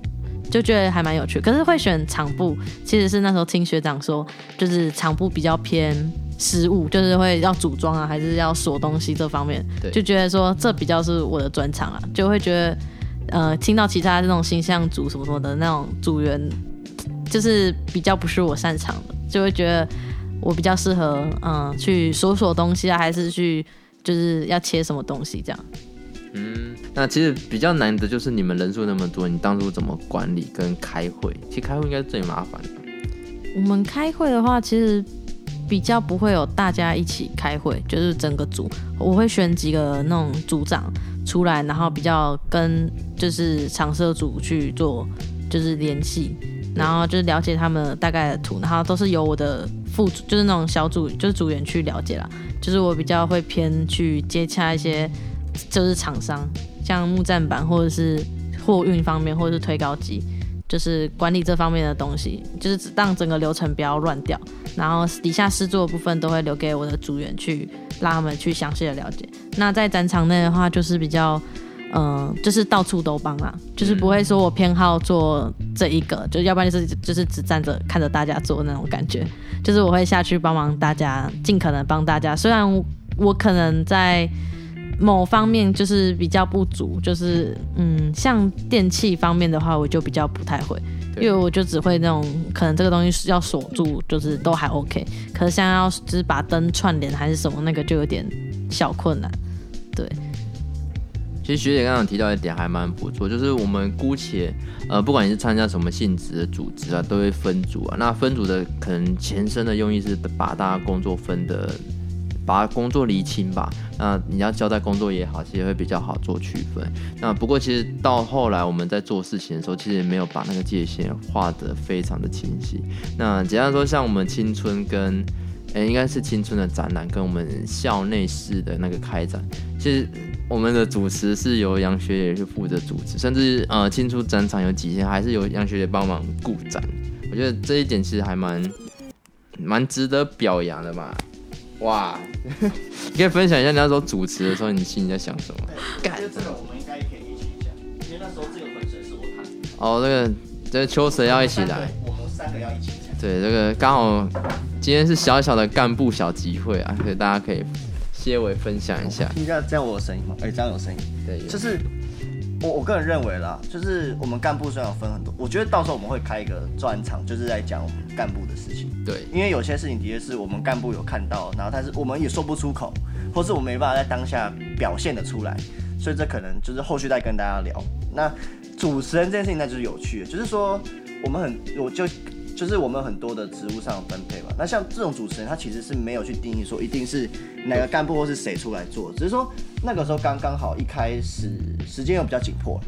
Speaker 2: 就覺得還蠻有趣。可是會選場佈，其實是那時候聽學長說，就是場佈比較偏。失誤就是會要組裝啊，還是要鎖東西這方面對，就覺得說這比較是我的專長啊，就會覺得呃，聽到其他這種形象組什麼什麼的那種組員，就是比較不是我擅長的，就會覺得我比較適合嗯、呃、去鎖鎖東西啊，還是去就是要切什麼東西這樣。
Speaker 1: 嗯，那其實比較難的就是你們人數那麼多，你當初怎麼管理跟開會？其實開會應該是最麻煩的。
Speaker 2: 我們開會的話，其實。比較不會有大家一起開會，就是整個組我會選幾個那種組長出來，然後比較跟就是廠社組去做就是聯繫，然後就是了解他們大概的圖，然後都是由我的副組就是那種小組就是組員去了解啦，就是我比較會偏去接洽一些就是廠商，像木棧板或者是貨運方面或者是推高機。就是管理這方面的東西，就是讓整個流程不要亂掉，然後底下施作的部分都會留給我的組員去，讓他們去詳細的了解。那在展場內的話，就是比較，嗯、呃，就是到處都幫啊，就是不會說我偏好做這一個，就要不然就是就是只站着看着大家做那種感覺，就是我會下去幫忙大家，盡可能幫大家。雖然我可能在。某方面就是比較不足，就是嗯，像電器方面的話，我就比較不太會，因為我就只會那種可能這個東西是要鎖住，就是都還 OK。可是像要就是把燈串聯還是什麼那個，就有點小困難。對，其
Speaker 1: 實學姐剛剛提到一點還蠻不錯，就是我們姑且呃，不管你是參加什麼性質的組織啊，都會分組啊。那分組的可能前身的用意是把大家工作分的。把工作釐清吧，那你要交代工作也好，其實會比較好做區分。那不過其實到後來我們在做事情的時候，其實也沒有把那個界限畫得非常的清晰。那簡單說，像我們青春跟，誒、欸，應該是青春的展覽跟我們校內式的那個開展，其實我們的主持是由楊學姐去負責主持，甚至呃，青春展場有幾天還是由楊學姐幫忙顧展。我覺得這一點其實還蠻蠻值得表揚的吧。哇， 你可以分享一下你那時候主持的時候，你心裡在想什麼？幹，就這個我們
Speaker 3: 應該可以一起講，因為那時
Speaker 1: 候有分、oh, 這個粉水是我彈的。哦，那個這秋水要一起來，
Speaker 3: 我們三個
Speaker 1: 要一起講。對，這個剛好今天是小小的幹部小集會啊，所以大家可以些微分享一下，聽
Speaker 3: 一下叫我的聲音嗎？哎、欸，這樣有聲音。對，有有就是。我，我個人認為啦，就是我們幹部雖然有分很多，我覺得到時候我們會開一個專場，就是在講我們幹部的事情。對，因為有些事情的確是我們幹部有看到，然後但是我們也說不出口，或是我沒辦法在當下表現得出來，所以這可能就是後續再跟大家聊。那主持人這件事情，那就是有趣的，就是說我們很，我就。就是我們很多的職務上分配嘛。那像這種主持人，他其實是沒有去定義說一定是哪個幹部或是誰出來做，只是說那個時候剛剛好一開始時間又比較緊迫，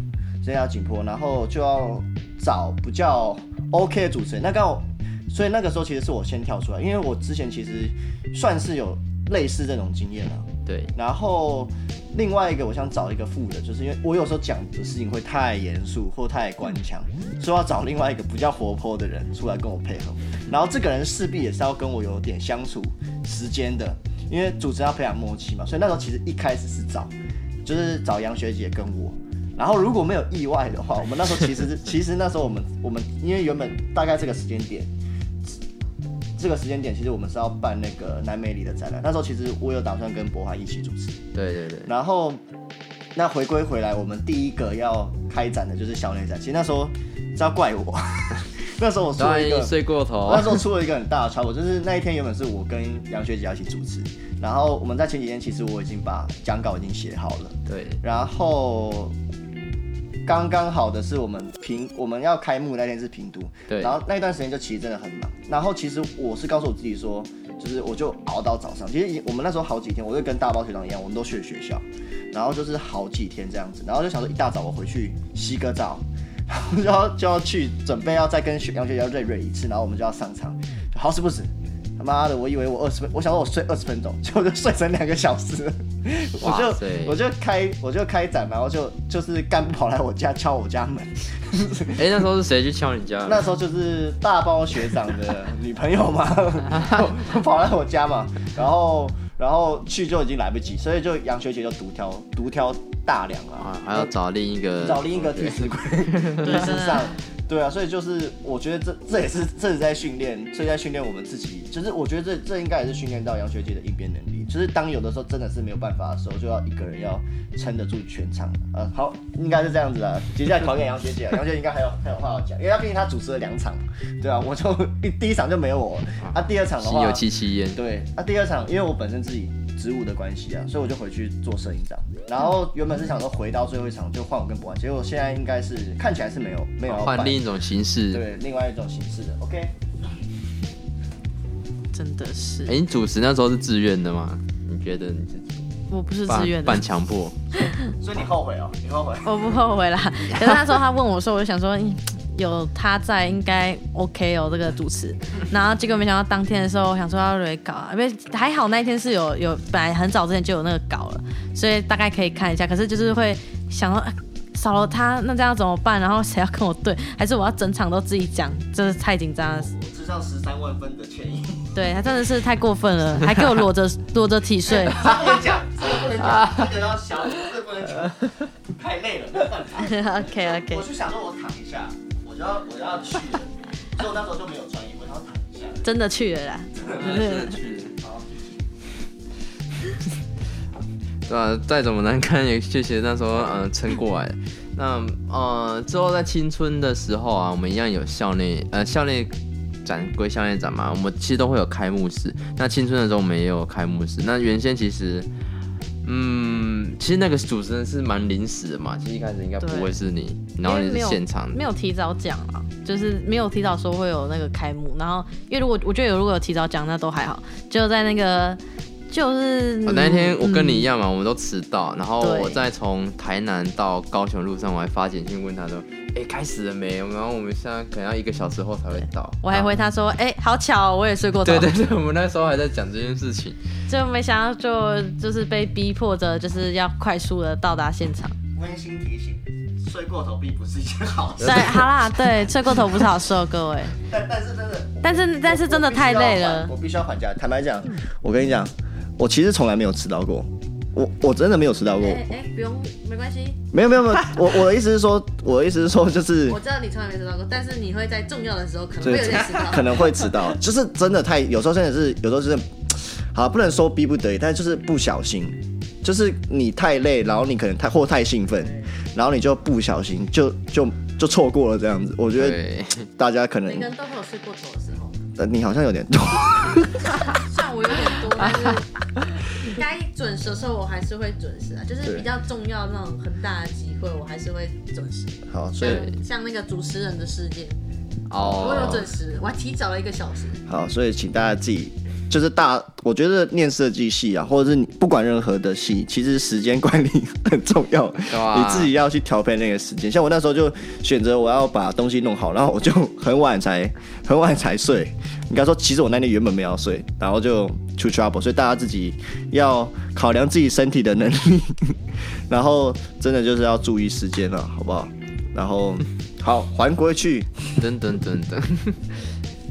Speaker 3: 時間要緊迫，然後就要找比較 OK 的主持人。那剛好，所以那個時候其實是我先跳出來，因為我之前其實算是有類似這種經驗了，對，然後。另外一個我想找一個副的，就是因為我有時候講的事情會太嚴肅或太官腔，所以要找另外一個比較活潑的人出來跟我配合。然後這個人勢必也是要跟我有點相處時間的，因為主持人要培養默契嘛。所以那時候其實一開始是找，就是找楊學姐跟我。然後如果沒有意外的話，我們那時候其實 其實那時候我們我們因為原本大概這個時間點。這個時間點，其實我們是要辦那個南美裡的展覽。那時候其實我有打算跟 Bo 翰一起主持。
Speaker 1: 對對對。
Speaker 3: 然後，那回歸回來，我們第一個要開展的就是校內展。其實那時候這要怪我， 那時候我睡
Speaker 1: 過頭。那時候出
Speaker 3: 了一個很大的錯誤，我就是那一天原本是我跟楊學姐要一起主持，然後我們在前幾天其實我已經把講稿已經寫好了。對。然後。剛剛好的是我們評我們要開幕那天是評圖，對，然後那段時間就其實真的很忙。然後其實我是告訴我自己說，就是我就熬到早上。其實我們那時候好幾天，我就跟大包學長一樣，我們都去了學校，然後就是好幾天這樣子。然後就想說一大早我回去洗個澡，然後就要就要去準備要再跟楊學姊瑞瑞一次，然後我們就要上場，好死不死。媽的，我以為我二十分，我想說我睡二十分鐘，結、嗯、果睡成兩個小時，
Speaker 1: 我就我就
Speaker 3: 開我就開展嘛，我就就是幹跑來我家敲我家門，
Speaker 1: 哎、 欸，那時候是誰去敲你家？那時候
Speaker 3: 就是大包學長的女朋友嘛， 跑來我家嘛，然後然後去就已經來不及，所以就楊學姐就獨挑獨挑大樑了，還要
Speaker 1: 找另一個、欸、找另一個替死鬼，
Speaker 2: 替死鬼。
Speaker 3: 對啊，所以就是我覺得這這也是正在訓練，正在訓練我們自己。就是我覺得這這應該也是訓練到楊學姐的應變能力。就是當有的時候真的是沒有辦法的時候，就要一個人要撐得住全場。呃，好，應該是這樣子了。接下來考驗楊學姐，楊 學姐應該還有還有話要講，因為她畢竟她主持了兩場。對啊，我就第一場就沒有我，啊，第二場的話有七七煙。對，啊，第二場因為我本身自己。職務的關係啊，所以我就回去做攝影長。然後原本是想說回到最後一場就換我跟 Bo 翰，結果現在應該是看起來是沒有沒有換另一種
Speaker 1: 形式，對，
Speaker 3: 另外一種形式
Speaker 2: 的。OK，真的是。哎、欸，
Speaker 1: 你主持那時候是自願的嗎？你覺得你自己？我不是自願的，半強迫。
Speaker 2: 所以你後悔哦、喔，你後悔？我不後悔啦，可是那時候他問我說，我就想說。欸有他在應該 OK 哦，這個主持，然後結果沒想到當天的時候，我想說要 re 搞、啊，因為還好那一天是有有本來很早之前就有那個稿了，所以大概可以看一下。可是就是會想說少了他，那這樣怎麼辦？然後誰要跟我對？還是我要整場都自己講？真的太緊張了。我至
Speaker 3: 少十三萬分的
Speaker 2: 權益， 對他真的是太過分了，還給我裸着裸着體睡。不能講，不能講，一定要小聲，不能講，太累了
Speaker 3: ，OK OK，我是想說我躺一下。
Speaker 2: 要 我要去，就那時候就沒有穿衣服，然後躺下。真
Speaker 1: 的去了啦。真的，真的去了。好， 對啊，再怎麼難看也，謝謝那時候嗯撐、呃、過來 那呃，之後在青春的時候啊，我們一樣有校內呃校內展，歸校內展嘛，我們其實都會有開幕式。那青春的時候我們也有開幕式。那原先其實。嗯，其實那個主持人是蠻臨時的嘛，其實一開始應該不會是你，然後你是現場的沒，
Speaker 2: 沒有提早講啊，就是沒有提早說會有那個開幕，然後因為如果我覺得有如果有提早講，那都還好，就在那個。就是我、嗯哦、那天我跟你一
Speaker 1: 樣嘛，嗯、我們都遲到，然後我在從台南到高雄路上，我還發簡訊問他說，哎、欸，開始了沒？然後我們現在可能要一個小時後才會到。
Speaker 2: 我還回他說，哎、欸，好巧、喔，我也睡過頭。對對對，我
Speaker 1: 們那時候還在講這件事情，
Speaker 2: 就沒想到就就是被逼迫着就是要快速的到達現場。
Speaker 3: 溫馨提醒，睡過頭並
Speaker 2: 不是一件好事。 好啦，對，睡過頭不是好事哦， 各位。但但是真的，但是，但是，但，是，但，是但是真的太累了。
Speaker 3: 我必須要還價。坦白講、嗯，我跟你講。我其實從來沒有遲到過，我我真的沒有遲到過。哎、欸欸，
Speaker 2: 不用，沒關
Speaker 3: 係。沒有沒有沒有，我我的意思是說，我的意思是說，就是 我知道你從
Speaker 2: 來沒遲到過，但是你會在重要的時候可能會遲
Speaker 3: 到， 可能會遲到，就是真的太有時候真的是有時候是，好不能說逼不得已，但就是不小心，就是你太累，然後你可能太或太興奮，然後你就不小心就就就錯過了這樣子。我覺得，對，大家可能每個人
Speaker 2: 都有睡過頭
Speaker 3: 的時候，呃，你好像有點
Speaker 2: 多， 像我有點。就、 嗯、該準時的時候，我還是會準時啊。就是比較重要那種很大的機會，我還是會準時。好，所以像，像那個主持人的世界，
Speaker 3: 我、哦、有準
Speaker 2: 時，我還提早了一個小時。
Speaker 3: 好，所以請大家記。就是大，我覺得念設計系啊，或者是你不管任何的系，其實時間管理很重要。哇！你自己要去調配那個時間。像我那時候就選擇我要把東西弄好，然後我就很晚才很晚才睡。你剛才說，其實我那天原本沒有睡，然後就出 trouble。所以大家自己要考量自己身體的能力，然後真的就是要注意時間了，好不好？然後
Speaker 1: 好還回去，等等等等。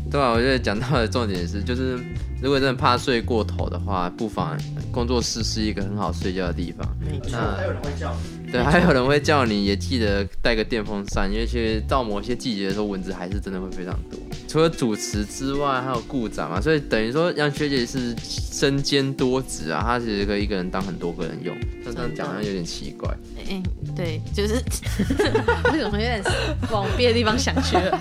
Speaker 1: 對啊，我覺得講到的重點是就是。如果真的怕睡過頭的話，不妨工作室是一個很好睡覺的地方。那還有人會叫對，還有人會叫你，也記得帶個電風扇，因為其實到某些季節的時候，蚊子還是真的會非常多。除了主持之外，還有場佈嘛，所以等於說楊學姐是身兼多職啊，她其實可以一個人當很多個人用。但這樣講好像有點奇怪。嗯，對，
Speaker 2: 就是為什麼有點往別的地方想
Speaker 3: 去了。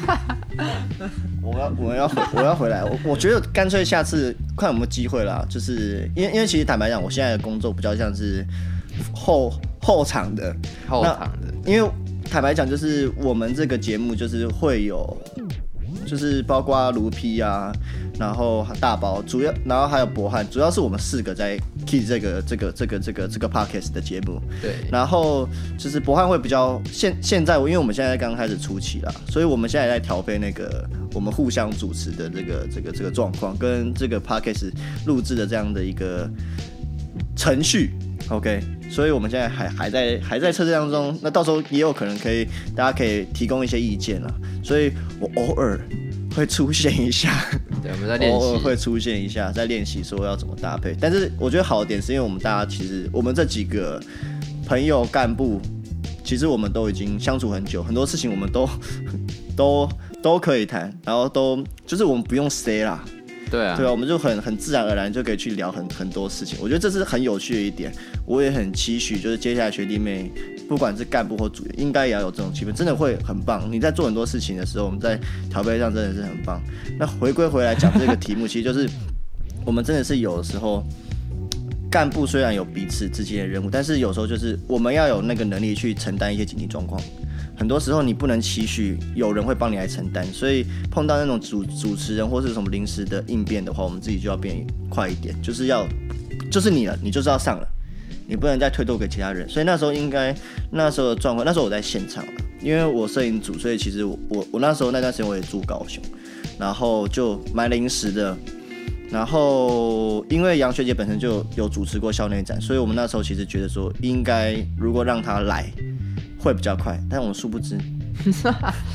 Speaker 3: 我要，我要回，我要回來。我我覺得乾脆下次看有沒有機會啦，就是因為因為其實坦白講，我現在的工作比較像是。後後場的，後場的，因為坦白講，就是我們這個節目就是會有，就是包括盧皮啊，然後大包主要，然後還有博翰，主要是我們四個在 keep 這個這個這個這個這個 Podcast 的節目，對，然後就是博翰會比較現現在，因為我們現在剛開始初期啦，所以我們現在也在調配那個我們互相主持的這個這個這個狀況跟這個 Podcast 錄製的這樣的一個程序。OK，所以我們現在還還在還在測試當中，那到時候也有可能可以，大家可以提供一些意見啦，所以我偶爾會出現一下，
Speaker 1: 對，我們在練習，偶爾
Speaker 3: 會出現一下，在練習說要怎麼搭配。但是我覺得好的點是因為我們大家其實，我們這幾個朋友幹部，其實我們都已經相處很久，很多事情我們都都都，都可以談，然後都就是我們不用 say 啦。對啊，對啊，我們就很很自然而然就可以去聊很很多事情。我覺得這是很有趣的一點，我也很期許，就是接下來學弟妹，不管是幹部或主任，應該也要有這種氣氛，真的會很棒。你在做很多事情的時候，我們在調配上真的是很棒。那回歸回來講這個題目， 其實就是我們真的是有的時候幹部雖然有彼此之間的任務，但是有時候就是我們要有那個能力去承擔一些緊急狀況。很多時候你不能期許有人會幫你來承擔，所以碰到那種主主持人或是什麼臨時的應變的話，我們自己就要變快一點，就是要，就是你了，你就是要上了，你不能再推脫給其他人。所以那時候應該那時候的狀況，那時候我在現場嘛，因為我攝影組，所以其實我我我那時候那段時間我也住高雄，然後就蠻臨時的，然後因為楊學姐本身就有主持過校內展，所以我們那時候其實覺得說應該如果讓她來。會比較快，但我們殊不知，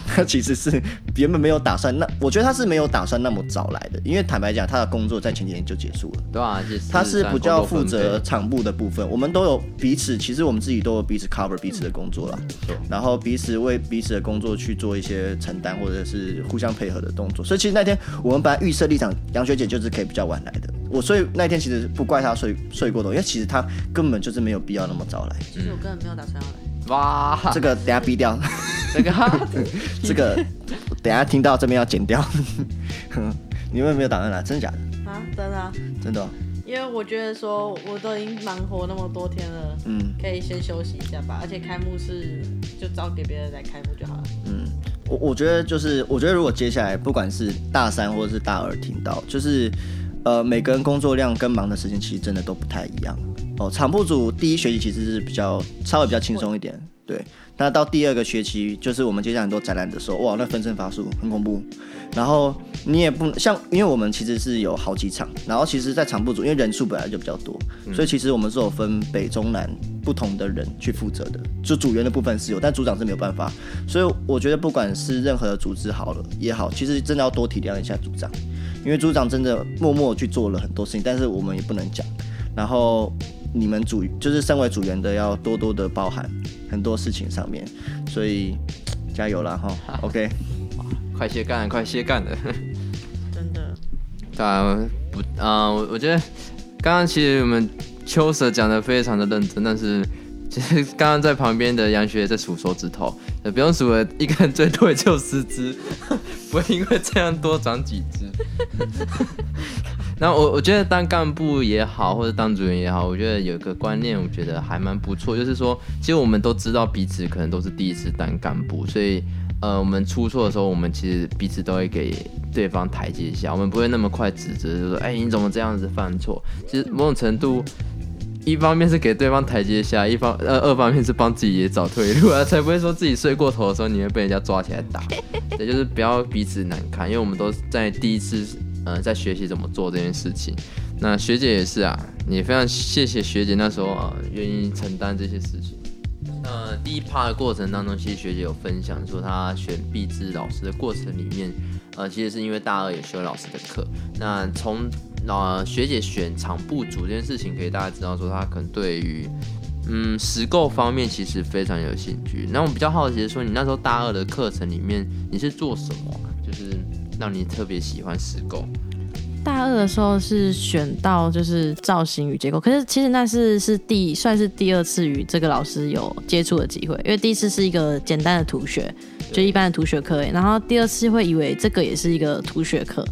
Speaker 3: 他其實是原本沒有打算那，我覺得他是沒有打算那麼早來的，因為坦白講，他的工作在前幾天就結束了。對啊，
Speaker 1: 其實是他是比較負責
Speaker 3: 場佈的部分，分，我們都有彼此，其實我們自己都有彼此 cover 彼此的工作了，沒、嗯、錯。然後彼此為彼此的工作去做一些承擔，或者是互相配合的動作。所以其實那天我們本來預設立場，楊學姐就是可以比較晚來的。我所以那天其實不怪他睡睡過頭，因為其實他根本就是沒有必要那麼早來。嗯、其
Speaker 2: 實我根本沒有打算要來。
Speaker 3: 哇，這個等下逼掉，
Speaker 2: 這個 這個
Speaker 3: 等下聽到這邊要剪掉， 你們有沒有檔案啊、啊，真的假的？
Speaker 2: 啊，真的、啊，真的、啊。因為我覺得說我都已經忙活那麼多天了，嗯，可以先休息一下吧。而且開幕式就交給別人來開幕就好了。
Speaker 3: 嗯，我我覺得就是，我覺得如果接下來不管是大三或者是大二聽到，就是呃每個人工作量跟忙的時間其實真的都不太一樣。哦，場部組第一學期其實是比較稍微比較輕鬆一點，對。那到第二個學期，就是我們接下很多展覽的時候，哇，那分身乏術很恐怖。然後你也不像，因為我們其實是有好幾場，然後其實，在場部組因為人數本來就比較多，所以其實我們是有分北中南不同的人去負責的，就組員的部分是有，但組長是沒有辦法。所以我覺得不管是任何的組織好了也好，其實真的要多體諒一下組長，因為組長真的默默去做了很多事情，但是我們也不能講。然後。你們組就是身為組員的，要多多的包涵，很多事情上面，所以加油
Speaker 1: 了哈。OK，快些乾快些乾的， 真的？當然，不，啊，我、呃、我，我覺得剛剛其實我們 Chiu 攝講的非常的認真，但是其實剛剛在旁邊的楊學姊在數手指頭，也不用數了，一個人最多也就十隻， 不會因為這樣多長幾只。 那我我覺得當幹部也好，或者當主任也好，我覺得有一個觀念，我覺得還蠻不錯，就是說，其實我們都知道彼此可能都是第一次當幹部，所以呃，我們出錯的時候，我們其實彼此都會給對方台階下，我們不會那麼快指責，就是說，欸，你怎麼這樣子犯錯？其實某種程度，一方面是給對方台階下，一方呃二方面是幫自己也找退路啊，才不會說自己睡過頭的時候你會被人家抓起來打，對，就是不要彼此難看，因為我們都在第一次。呃，在學習怎麼做這件事情，那學姐也是啊，也非常謝謝學姐那時候啊，願、呃、意承擔這些事情。呃，第一趴的過程當中，其實學姐有分享說，她選畢製老師的過程裡面，呃，其實是因為大二也修老師的課。那從那、呃、學姐選場佈組這件事情，可以大家知道說，她可能對於嗯實構方面其實非常有興趣。那我比較好奇的是說，你那時候大二的課程裡面你是做什麼？就是。讓你特別喜歡石工，
Speaker 2: 大二的時候是選到就是造型與結構，可是其實那次是第算是第二次與這個老師有接觸的機會，因為第一次是一個簡單的圖學，就一般的圖學科，欸。然後第二次會以為這個也是一個圖學課，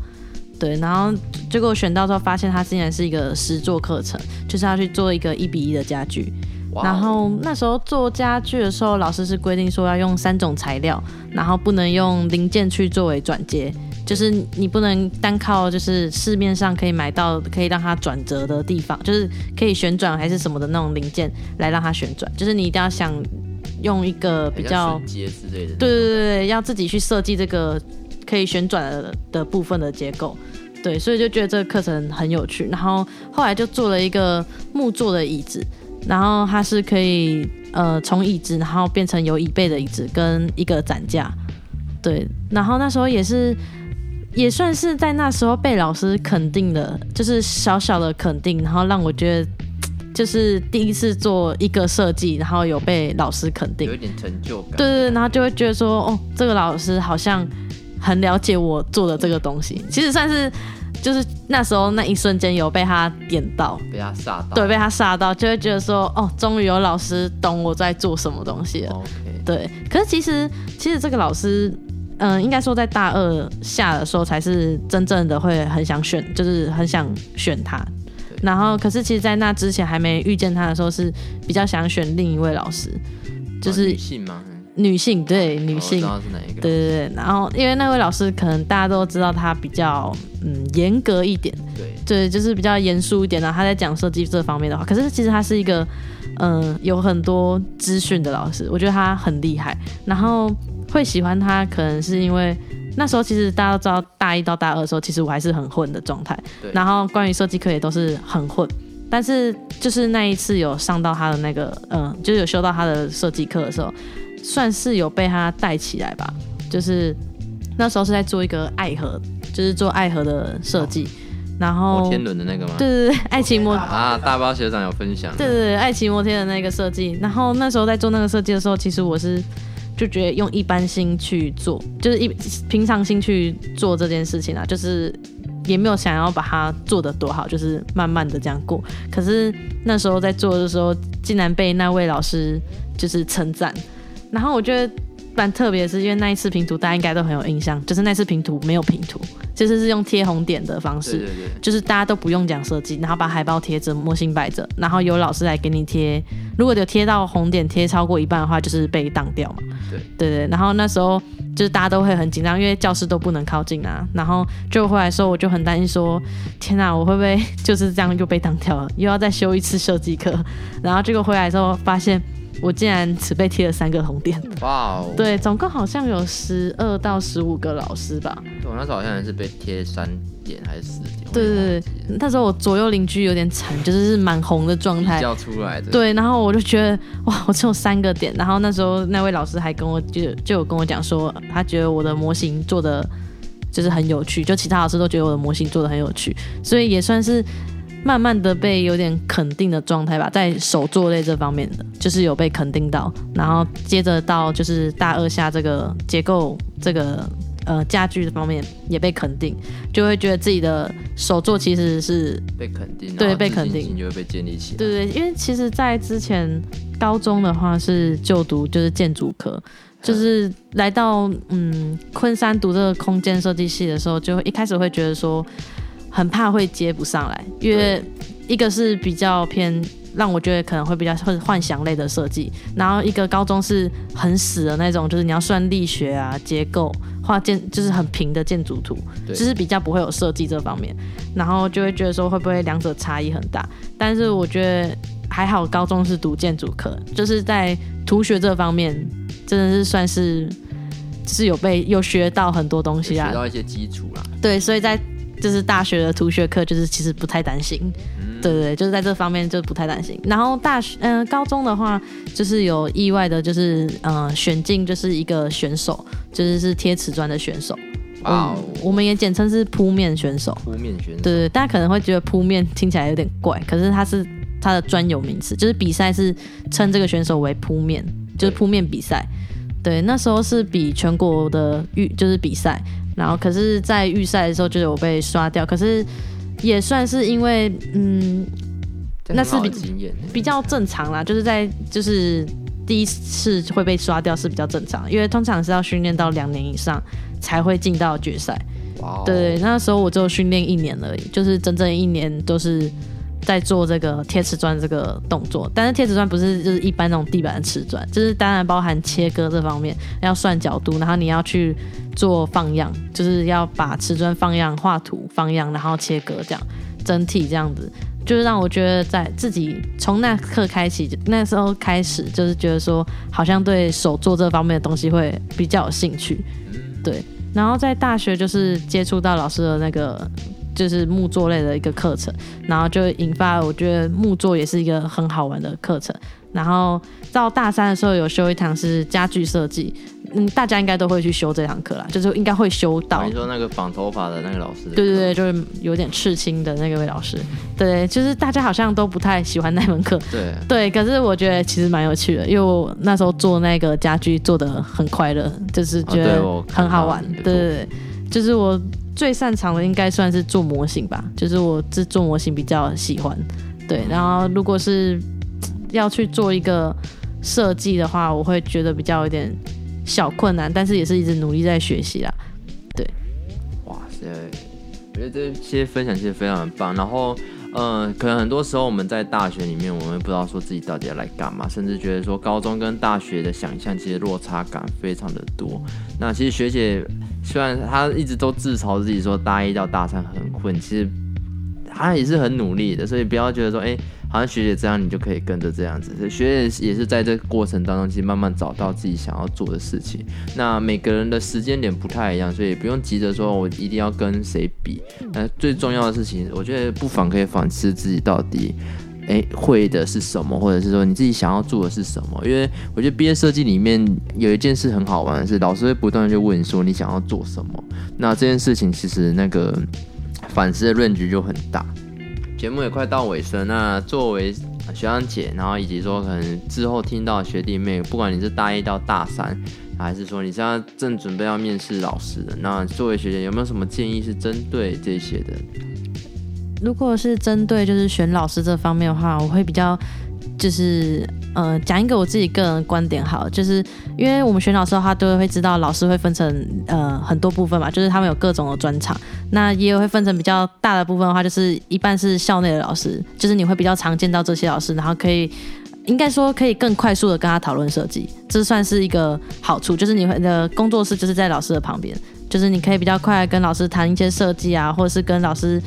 Speaker 2: 對，然後結果選到之後發現它竟然是一個實做課程，就是要去做一個一比一的家具，wow，然後那時候做家具的時候，老師是規定說要用三種材料，然後不能用零件去作為轉接。就是你不能單靠就是市面上可以買到可以讓它轉折的地方，就是可以旋轉還是什麼的那種零件來讓它旋轉。就是你一定要想用一個比較對對對，對，對，對，要自己去設計這個可以旋轉的，的部分的結構。對，所以就覺得這個課程很有趣。然後後來就做了一個木做的椅子，然後它是可以呃從椅子然後變成有椅背的椅子跟一個展架。對，然後那時候也是。也算是在那時候被老師肯定的，就是小小的肯定，然後讓我覺得，就是第一次做一個設計，然後有被老師肯定，有一點成就感。對對，然後就會覺得說，哦，這個老師好像很了解我做的這個東西。其實算是，就是那時候那一瞬間有被他點到，被他殺到。對，被他殺到，就會覺得說，哦，終於有老師懂我在做什麼東西了。Okay. 對，可是其實其實這個老師。嗯，應該說在大二下的時候才是真正的會很想選，就是很想選他。然後，可是其實在那之前還沒遇見他的時候，是比較想選另一位老師，就是女性嘛、啊，女性，對、哎、女性。哦、我知道是哪一個。對對，然後，因為那位老師可能大家都知道，他比較嗯嚴格一點，對，對，就是比較嚴肅一點。然後他在講設計這方面的話，可是其實他是一個嗯有很多資訊的老師，我覺得他很厲害。然後。會喜歡他，可能是因為那時候其實大家都知道，大一到大二的時候，其實我還是很混的狀態。對。然後關於設計課也都是很混，但是就是那一次有上到他的那個，嗯，就是有修到他的設計課的時候，算是有被他帶起來吧。就是那時候是在做一個愛河，就是做愛河的設計。哦、然後摩天輪的那個嗎？對對對，愛情摩。
Speaker 1: Okay. 啊！大包學長有分享。對
Speaker 2: 對對，愛情摩天輪的那個設計。然後那時候在做那個設計的時候，其實我是。就覺得用一般心去做，就是一平常心去做這件事情啊，就是也沒有想要把它做得多好，就是慢慢的這樣過。可是那時候在做的時候，竟然被那位老師就是稱讚，然後我覺得。但特別是，因為那一次評圖，大家應該都很有印象。就是那次評圖沒有評圖，就是是用貼紅點的方式對對對，就是大家都不用講設計，然後把海報貼着、模型擺着，然後有老師來給你貼。如果有貼到紅點貼超過一半的話，就是被當掉嘛，對。對對對。然後那時候就是大家都會很緊張，因為教室都不能靠近啊。然後就回來的時候，我就很擔心說：天哪、啊，我會不會就是這樣又被當掉了，又要再修一次設計課？然後結果回來之後發現。我竟然只被貼了三個紅點，哇、wow、哦！對，總共好像有十二到十五個老師吧。
Speaker 1: 我那時候好像也是被貼三點還是四點？
Speaker 2: 對對對那。那時候我左右鄰居有點慘，就是是滿紅的狀態。比較出來的。對，然後我就覺得哇，我只有三個點。然後那時候那位老師還跟我就就有跟我講說，他覺得我的模型做的就是很有趣，就其他老師都覺得我的模型做的很有趣，所以也算是。慢慢的被有點肯定的狀態吧，在手作類這方面的就是有被肯定到，然後接着到就是大二下這個結構這個呃家具這方面也被肯定，就會覺得自己的手作其實是被肯定，對，被肯定就會被建立起來。對對對，因為其實，在之前高中的話是就讀就是建築科，嗯、就是來到嗯昆山讀這個空間設計系的時候，就一開始會覺得說。很怕會接不上來，因為一個是比較偏讓我覺得可能會比較幻想類的設計，然後一個高中是很死的那種，就是你要算力學啊、結構、畫建，就是很平的建築圖，就是比較不會有設計這方面，然後就會覺得說會不會兩者差異很大？但是我覺得還好，高中是讀建築科，就是在圖學這方面，真的是算是、就是有被有學到很多東西啊，學到一些基礎啊，對，所以在。就是大學的圖學課，就是其實不太擔心，對、嗯、對，就是在這方面就不太擔心。然後大學，嗯、呃，高中的話，就是有意外的，就是嗯、呃，選進就是一個選手，就是是貼瓷磚的選手。哇、哦我，我們也簡稱是撲面選手。撲面選手。對對，大家可能會覺得撲面聽起來有點怪，可是它是它的專有名詞，就是比賽是稱這個選手為撲面，就是撲面比賽。對，那時候是比全國的預，就是比賽。然後可是，在預賽的時候就有我被刷掉，可是也算是因為嗯，那是比，比較正常啦，就是在就是第一次會被刷掉是比較正常，因為通常是要訓練到兩年以上才會進到決賽。哇、哦！對，那時候我就訓練一年而已，就是整整一年都是。在做這個貼瓷磚這個動作，但是貼瓷磚不是就是一般那種地板的瓷磚，就是當然包含切割這方面，要算角度，然後你要去做放樣，就是要把瓷磚放樣、畫圖、放樣，然後切割，這樣整體這樣子，就是讓我覺得在自己從那刻開始，那時候開始就是覺得說，好像對手做這方面的東西會比較有興趣，對，然後在大學就是接觸到老師的那個。就是木作類的一個課程，然後就引發我覺得木作也是一個很好玩的課程。然後到大三的時候有修一堂是家具設計，嗯，大家應該都會去修這堂課啦,就是應該會修到、啊。你
Speaker 1: 說那個綁頭髮的那個老
Speaker 2: 師？對對對，就是有點刺青的那個位老師。對，就是大家好像都不太喜歡那門課。對。對，可是我覺得其實蠻有趣的，因為我那時候做那個家具做得很快樂，就是覺得很好玩。啊、對，對，對，對，就是我。最擅長的應該算是做模型吧，就是我這做模型比較喜歡，對。然後如果是要去做一個設計的話，我會覺得比較有點小困難，但是也是一直努力在學習啦，對。
Speaker 1: 哇塞，我覺得這些分享其實非常的棒。然後，嗯、呃，可能很多時候我們在大學裡面，我們不知道說自己到底要來幹嘛，甚至覺得說高中跟大學的想象其實落差感非常的多。那其實學姐雖然她一直都自嘲自己說大一到大三很混，其實她也是很努力的，所以不要覺得說，誒、欸，好像學姐這樣，你就可以跟着這樣子。所以學姐也是在這個過程當中，去慢慢找到自己想要做的事情。那每個人的時間點不太一樣，所以也不用急着說我一定要跟誰比。那最重要的事情，我覺得不妨可以反思自己到底。哎，會的是什麼，或者是說你自己想要做的是什麼？因為我覺得畢業設計裡面有一件事很好玩，是老師會不斷地去問說你想要做什麼。那這件事情其實那個反思的論據就很大。節目也快到尾聲，那作為學長姐，然後以及說可能之後聽到的學弟妹，不管你是大一到大三，還是說你現在正準備要面試老師的，那作為學姐有沒有什麼建議是針對這些的？
Speaker 2: 如果是針對就是選老師這方面的話，我會比較就是呃講一個我自己個人的觀點好了，就是因為我們選老師的話，都會會知道老師會分成呃很多部分嘛，就是他們有各種的專場。那也有會分成比較大的部分的話，就是一半是校內的老師，就是你會比較常見到這些老師，然後可以應該說可以更快速的跟他討論設計，這算是一個好處，就是你會的工作室就是在老師的旁邊，就是你可以比較快跟老師談一些設計啊，或者是跟老師。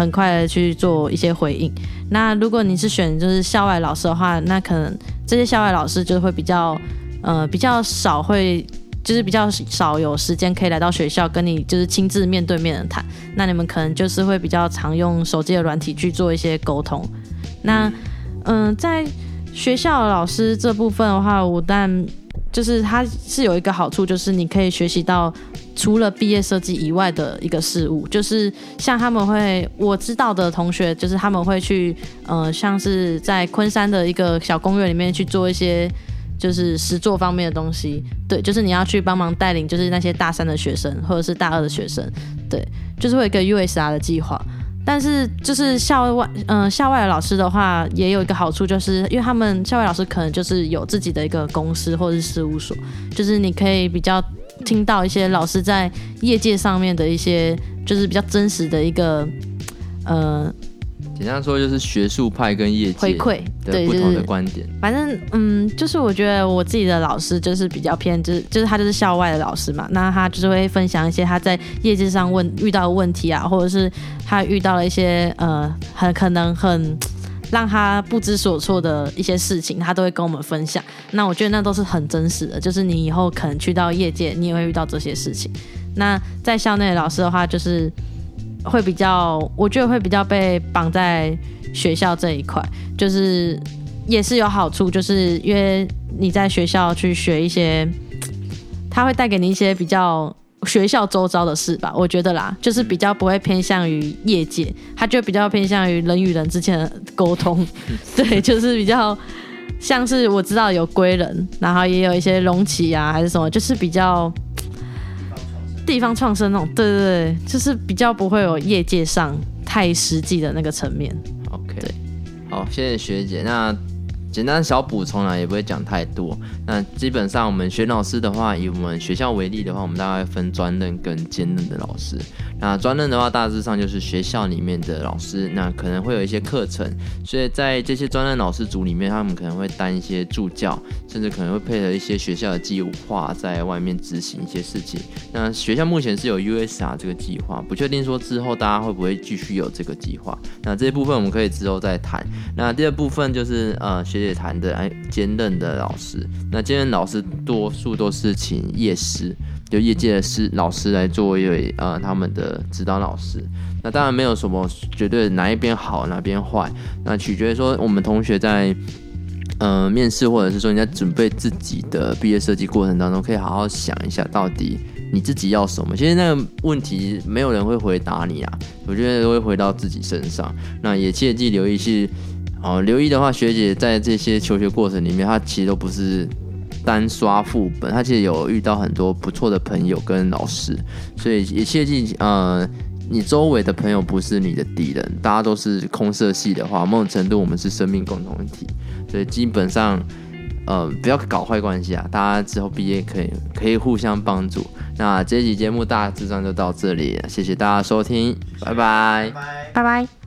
Speaker 2: 很快的去做一些回應。那如果你是選就是校外老師的話，那可能這些校外老師就會比較，呃，比較少會，就是比較少有時間可以來到學校跟你就是親自面對面的談。那你們可能就是會比較常用手機的軟體去做一些溝通。那，嗯、呃，在學校老師這部分的話，我但就是它是有一個好處，就是你可以學習到。除了畢業設計以外的一個事物，就是像他們會我知道的同學，就是他們會去，呃，像是在昆山的一個小公園裡面去做一些就是實作方面的東西。對，就是你要去幫忙帶領，就是那些大三的學生或者是大二的學生。對，就是會有一個 USR 的計劃。但是就是校外，嗯、呃，校外的老師的話也有一個好處，就是因為他們校外老師可能就是有自己的一個公司或者是事務所，就是你可以比較。聽到一些老師在業界上面的一些，就是比較真實的一個，呃，
Speaker 1: 簡單說就是學術派跟業界的不同的觀點。
Speaker 2: 反正，嗯，就是我覺得我自己的老師就是比較偏，就是就是他就是校外的老師嘛，那他就是會分享一些他在業界上問遇到的問題啊，或者是他遇到了一些呃，很可能很。讓他不知所措的一些事情，他都會跟我們分享。那我覺得那都是很真實的，就是你以後可能去到業界，你也會遇到這些事情。那在校內的老師的話，就是會比較，我覺得會比較被綁在學校這一塊，就是也是有好處，就是因為你在學校去學一些，他會帶給你一些比較。學校周遭的事吧，我覺得啦，就是比較不會偏向於業界，他就比較偏向於人與人之間的溝通， 對，就是比較像是我知道有歸人，然後也有一些隆起啊，還是什麼，就是比較地方創生那種，對對對，就是比較不會有業界上太實際的那個層面。OK，對，
Speaker 1: 好，謝謝學姐，那簡單小補充啦、啊，也不會講太多。那基本上我們選老師的話，以我們學校為例的話，我們大概會分專任跟兼任的老師。那專任的話，大致上就是學校裡面的老師，那可能會有一些課程，所以在這些專任老師組裡面，他們可能會擔一些助教，甚至可能會配合一些學校的計劃，在外面執行一些事情。那學校目前是有 USR 這個計劃，不確定說之後大家會不會繼續有這個計劃。那這一部分我們可以之後再談。那第二部分就是呃學姐談的哎兼任的老師那。那今天老師多數都是請業師，就業界的師老師來作為呃他們的指導老師。那當然沒有什麼絕對哪一邊好哪邊壞，那取決於說我們同學在呃面試或者是說你在準備自己的畢業設計過程當中，可以好好想一下，到底你自己要什麼。其實那個問題沒有人會回答你啊，我覺得都會回到自己身上。那也切記留意，是哦留意的話，學姐在這些求學過程裡面，她其實都不是，單刷副本，他其實有遇到很多不錯的朋友跟老師，所以也切記，呃，你周圍的朋友不是你的敵人，大家都是空色系的話，某種程度我們是生命共同體，所以基本上，呃，不要搞壞關係啊，大家之後畢業也可以可以互相幫助。那這期節目大致上就到這裡，謝謝大家收聽，謝謝拜拜，拜拜。拜
Speaker 2: 拜